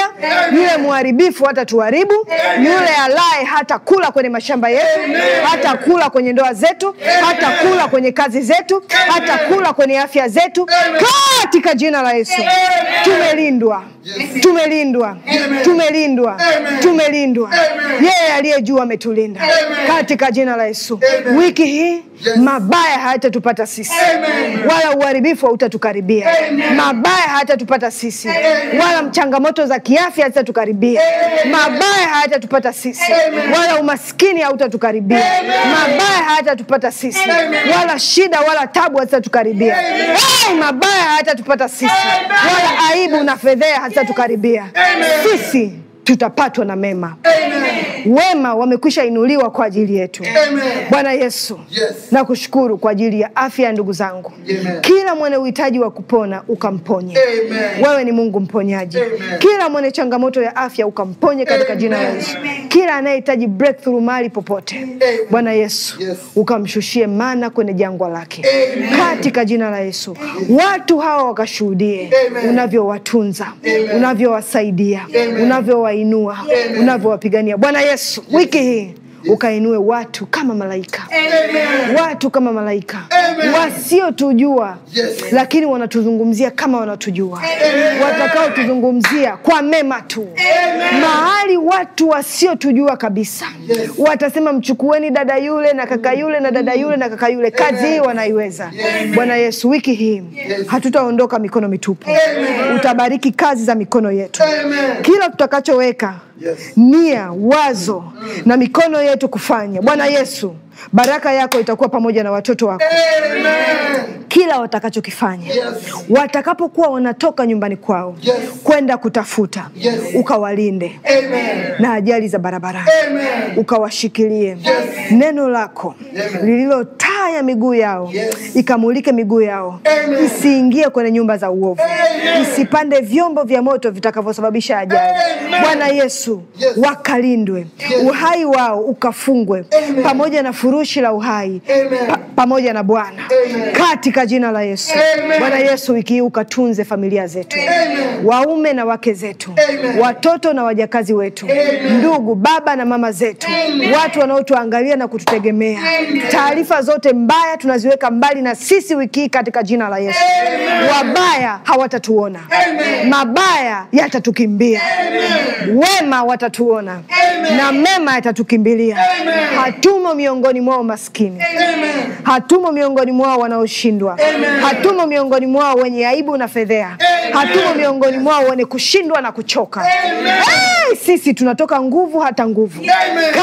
yule mharibifu hatatuharibu, yule alae hata kula kwenye mashamba yetu, hata kula kwenye ndoa zetu, hata kula kwenye kazi zetu, hata kula kwenye afya zetu, katika jina la Yesu. Tumelindwa, tumelindwa Tumelindwa, tumelindwa. Yeye aliye juu ametulinda katika jina la Yesu. Wiki hii yes, mabaya hayatatupata sisi Amen. Wala uharibifu hautatukaribia mabaya hayatatupata sisi Amen. Wala changamoto za kiafya hazitatukaribia mabaya hayatatupata sisi Amen. Wala umaskini hautatukaribia mabaya hayatatupata sisi Amen. Wala shida wala tabu hazitatukaribia hey, mabaya hayatatupata sisi Amen. Wala aibu na fedheha hazitatukaribia sí. tutapatwa na mema Amen. Wema wamekwisha inuliwa kwa ajili yetu Amen. Bwana Yesu yes. Nakushukuru kwa ajili ya afya ya ndugu zangu Amen. Kila mwenye uhitaji wa kupona ukamponye Amen. Wewe ni Mungu mponyaji Amen. Kila mwenye changamoto ya afya ukamponye katika Amen. jina la Yesu. Kila anayehitaji breakthrough mali popote Amen. Bwana Yesu yes. Ukamshushie mana kwenye jangwa lake katika jina la Yesu Amen. Watu hawa wakashuhudie unavyowatunza, unavyowasaidia, unavyo unavyowainua unavyowapigania. Bwana Yesu, wiki hii ukainue watu kama malaika Amen. watu kama malaika wasiotujua yes. lakini wanatuzungumzia kama wanatujua watakaotuzungumzia kwa mema tu mahali watu wasiotujua kabisa yes. watasema mchukueni dada yule na kaka yule na dada yule na kaka yule kazi hii wanaiweza yes. bwana yesu wiki hii yes. hatutaondoka mikono mitupu Amen. utabariki kazi za mikono yetu Amen. kila tutakachoweka yes. nia, wazo na mikono yetu kufanya. Bwana Yesu baraka yako itakuwa pamoja na watoto wako Amen. Kila watakachokifanya yes. Watakapokuwa wanatoka nyumbani kwao yes. Kwenda kutafuta yes. Ukawalinde Amen. Na ajali za barabarani ukawashikilie yes. Neno lako lililo taa ya miguu yao yes. Ikamulike miguu yao Isiingie kwenye nyumba za uovu Isipande vyombo vya moto vitakavyosababisha ajali Bwana Yesu yes. Wakalindwe yes. Uhai wao ukafungwe Amen. Pamoja na furushi la uhai pa, pamoja na Bwana katika jina la Yesu. Bwana Yesu, wiki hii ukatunze familia zetu, waume na wake zetu, watoto na wajakazi wetu, ndugu baba na mama zetu, watu wanaotuangalia na kututegemea. Taarifa zote mbaya tunaziweka mbali na sisi wiki hii katika jina la Yesu. Wabaya hawatatuona, mabaya yatatukimbia, wema watatuona na mema yatatukimbilia. Hatumo miongoni miongoni mwao maskini, hatumo miongoni mwao wanaoshindwa, hatumo miongoni mwao wenye aibu na fedhea, hatumo miongoni mwao wenye kushindwa na kuchoka. Hey, sisi tunatoka nguvu hata nguvu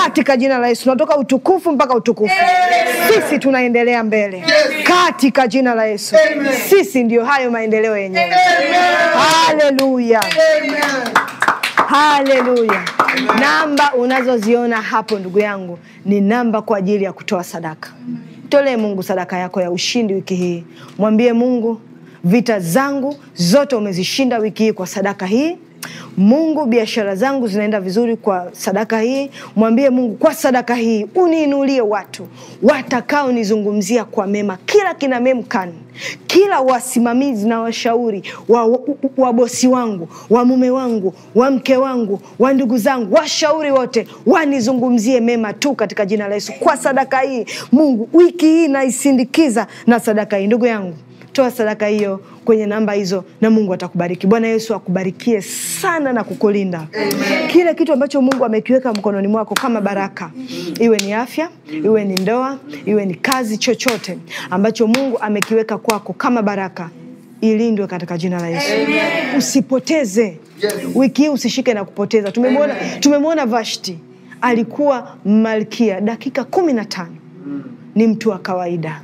katika jina la Yesu, tunatoka utukufu mpaka utukufu. Sisi tunaendelea mbele katika jina la Yesu. Sisi ndio hayo maendeleo yenyewe. Haleluya, haleluya. Namba unazoziona hapo ndugu yangu ni namba kwa ajili ya kutoa sadaka. Tolee Mungu sadaka yako ya ushindi wiki hii, mwambie Mungu, vita zangu zote umezishinda wiki hii kwa sadaka hii Mungu, biashara zangu zinaenda vizuri kwa sadaka hii. Mwambie Mungu, kwa sadaka hii uniinulie watu watakaonizungumzia kwa mema, kila kina memkan, kila wasimamizi na washauri wa wabosi wangu, wa mume wangu, wa mke wangu, wa ndugu zangu, washauri wote wanizungumzie mema tu katika jina la Yesu. Kwa sadaka hii Mungu, wiki hii naisindikiza na sadaka hii, ndugu yangu toa sadaka hiyo kwenye namba hizo na Mungu atakubariki. Bwana Yesu akubarikie sana na kukulinda. Amen. Kile kitu ambacho Mungu amekiweka mkononi mwako kama baraka, iwe ni afya, iwe ni ndoa, iwe ni kazi, chochote ambacho Mungu amekiweka kwako kama baraka ilindwe katika jina la Yesu. Amen. Usipoteze. Yes. Wiki hii usishike na kupoteza. Tumemwona tumemwona Vashti alikuwa malkia dakika kumi na tano. Mm. Ni mtu wa kawaida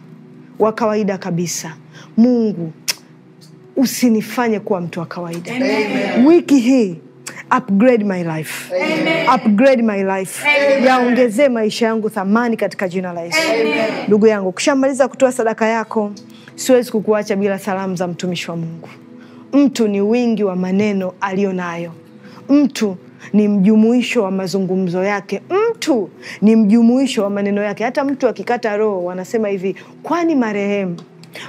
wa kawaida kabisa Mungu usinifanye kuwa mtu wa kawaida. Amen. Wiki hii upgrade my life. Amen. Upgrade my life, yaongezee maisha yangu thamani katika jina la Yesu. Ndugu yangu, kushamaliza kutoa sadaka yako, siwezi kukuacha bila salamu za mtumishi wa Mungu. Mtu ni wingi wa maneno aliyo nayo, mtu ni mjumuisho wa mazungumzo yake, mtu ni mjumuisho wa maneno yake. Hata mtu akikata roho, wanasema hivi, kwani marehemu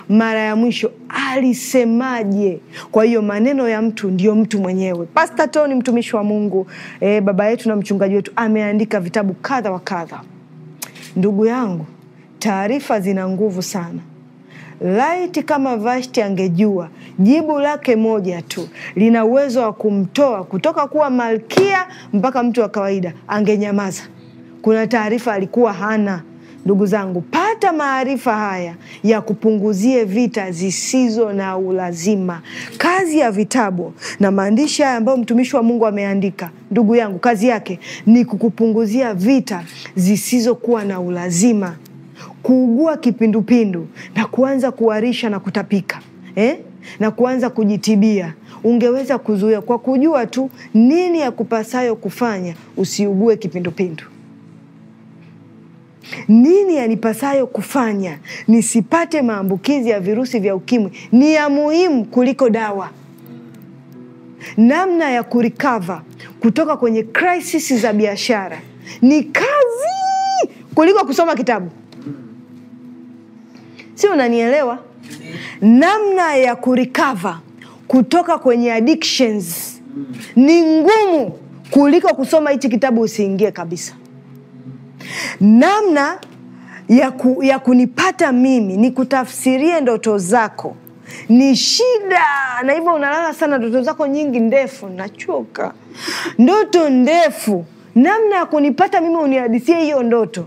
mara ya mwisho alisemaje. Kwa hiyo maneno ya mtu ndiyo mtu mwenyewe. Pastor Tony, mtumishi wa Mungu, e, baba yetu na mchungaji wetu, ameandika vitabu kadha wa kadha. Ndugu yangu, taarifa zina nguvu sana. Laiti kama Vashti angejua jibu lake moja tu lina uwezo wa kumtoa kutoka kuwa malkia mpaka mtu wa kawaida, angenyamaza. Kuna taarifa alikuwa hana Ndugu zangu, pata maarifa haya ya kupunguzie vita zisizo na ulazima. Kazi ya vitabu na maandishi haya ambayo mtumishi wa Mungu ameandika, ndugu yangu, kazi yake ni kukupunguzia vita zisizokuwa na ulazima, kuugua kipindupindu na kuanza kuharisha na kutapika eh? na kuanza kujitibia ungeweza kuzuia kwa kujua tu nini ya kupasayo kufanya usiugue kipindupindu nini yanipasayo kufanya nisipate maambukizi ya virusi vya ukimwi ni ya muhimu kuliko dawa. Namna ya kurikava kutoka kwenye krisis za biashara ni kazi kuliko kusoma kitabu. Si unanielewa? Namna ya kurikava kutoka kwenye addictions ni ngumu kuliko kusoma hichi kitabu usiingie kabisa namna ya, ku, ya kunipata mimi ni kutafsirie ndoto zako ni shida, na hivyo unalala sana, ndoto zako nyingi ndefu. Nachoka ndoto ndefu, namna ya kunipata mimi unihadisie hiyo ndoto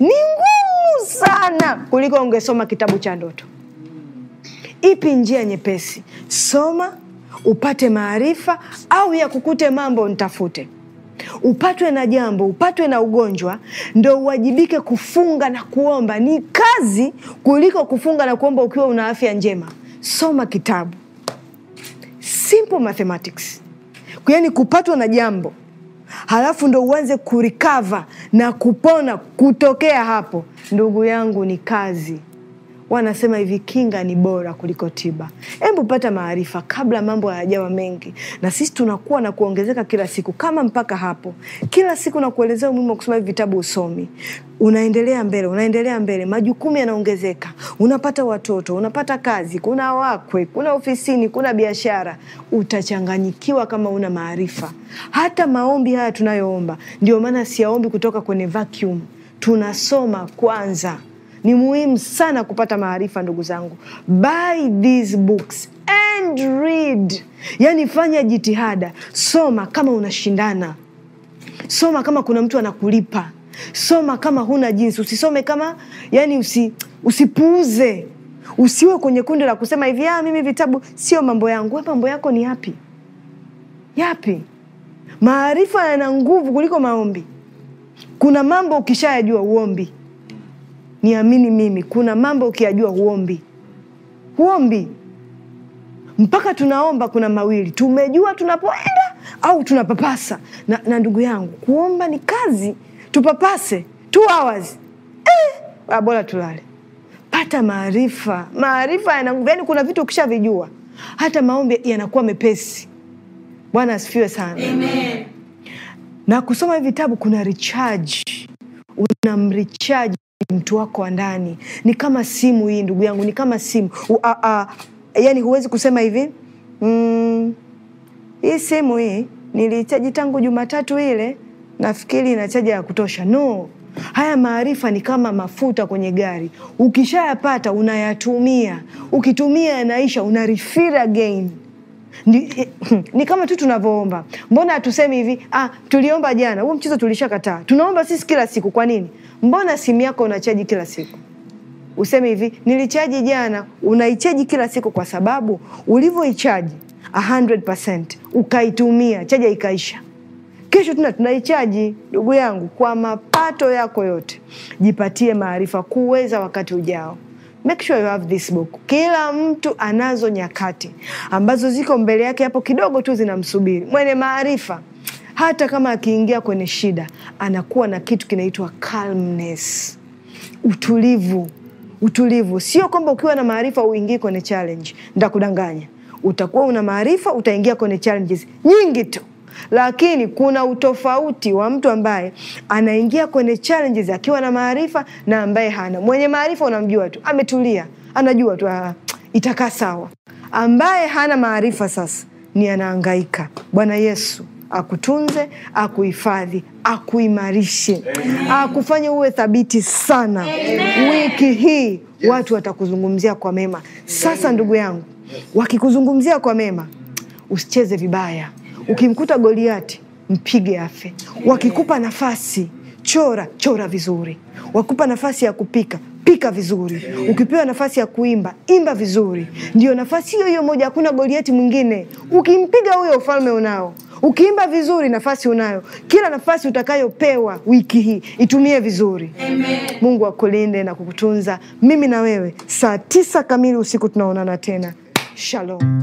ni ngumu sana kuliko ungesoma kitabu cha ndoto. Ipi njia nyepesi? Soma upate maarifa, au ya kukute mambo ntafute upatwe na jambo, upatwe na ugonjwa, ndo uwajibike kufunga na kuomba. Ni kazi kuliko kufunga na kuomba ukiwa una afya njema. Soma kitabu Simple Mathematics, yani kupatwa na jambo halafu ndo uanze kurikava na kupona kutokea hapo. Ndugu yangu, ni kazi wanasema hivi, kinga ni bora kuliko tiba. Hebu pata maarifa kabla mambo hayajawa mengi, na sisi tunakuwa na kuongezeka kila siku. Kama mpaka hapo, kila siku na kuelezea umuhimu wa kusoma hivi vitabu, usomi unaendelea mbele, unaendelea mbele, majukumu yanaongezeka, unapata watoto, unapata kazi, kuna wakwe, kuna ofisini, kuna biashara, utachanganyikiwa kama una maarifa. Hata maombi haya tunayoomba, ndio maana siyaombi kutoka kwenye vacuum, tunasoma kwanza ni muhimu sana kupata maarifa, ndugu zangu. Buy these books and read, yani fanya jitihada, soma kama unashindana, soma kama kuna mtu anakulipa, soma kama huna jinsi, usisome kama yani usi, usipuuze usiwe kwenye kundi la kusema hivi, ah, mimi vitabu sio mambo yangu. We, mambo yako ni yapi? Yapi? Maarifa yana nguvu kuliko maombi. Kuna mambo ukishayajua uombi niamini mimi, kuna mambo ukiyajua huombi, huombi mpaka tunaomba. Kuna mawili, tumejua tunapoenda au tunapapasa. Na, na ndugu yangu, kuomba ni kazi, tupapase two hours eh, ah, bora tulale. Pata maarifa, maarifa yana yaani kuna vitu ukishavijua hata maombi yanakuwa mepesi. Bwana asifiwe sana, amen. Na kusoma vitabu kuna recharge, unamrecharge mtu wako wa ndani. Ni kama simu hii, ndugu yangu, ni kama simu u, a, a, yani huwezi kusema hivi mm, hii simu hii nilichaji tangu Jumatatu ile, nafikiri ina chaja ya kutosha. No, haya maarifa ni kama mafuta kwenye gari, ukishayapata unayatumia, ukitumia yanaisha, una refill again ni, <clears throat> ni kama tu tunavyoomba. Mbona hatusemi hivi, ah, tuliomba jana, huo mchezo tulishakataa. Tunaomba sisi kila siku, kwa nini? Mbona simu yako unachaji kila siku? Useme hivi, nilichaji jana. Unaichaji kila siku kwa sababu ulivyoichaji 100% ukaitumia, chaji ikaisha kesho tuna tunaichaji. Ndugu yangu, kwa mapato yako yote jipatie maarifa kuweza wakati ujao make sure you have this book. Kila mtu anazo nyakati ambazo ziko mbele yake hapo kidogo tu zinamsubiri. Mwenye maarifa hata kama akiingia kwenye shida anakuwa na kitu kinaitwa calmness, utulivu. Utulivu sio kwamba ukiwa na maarifa uingii kwenye challenge, ndakudanganya. Utakuwa una maarifa, utaingia kwenye challenges nyingi tu lakini kuna utofauti wa mtu ambaye anaingia kwenye challenges akiwa na maarifa na ambaye hana. Mwenye maarifa unamjua tu, ametulia, anajua tu ah, itakaa sawa. Ambaye hana maarifa sasa ni anaangaika. Bwana Yesu akutunze, akuhifadhi, akuimarishe, akufanye uwe thabiti sana. Amen. Wiki hii yes, watu watakuzungumzia kwa mema. Sasa ndugu yangu, wakikuzungumzia kwa mema usicheze vibaya. Ukimkuta Goliati mpige afe. Wakikupa nafasi chora, chora vizuri. Wakikupa nafasi ya kupika pika vizuri. Ukipewa nafasi ya kuimba imba vizuri. Ndio nafasi hiyo hiyo moja, hakuna Goliati mwingine. Ukimpiga huyo, ufalme unao. Ukiimba vizuri, nafasi unayo. Kila nafasi utakayopewa wiki hii itumie vizuri. Amen. Mungu akulinde na kukutunza. Mimi na wewe saa tisa kamili usiku tunaonana tena. Shalom.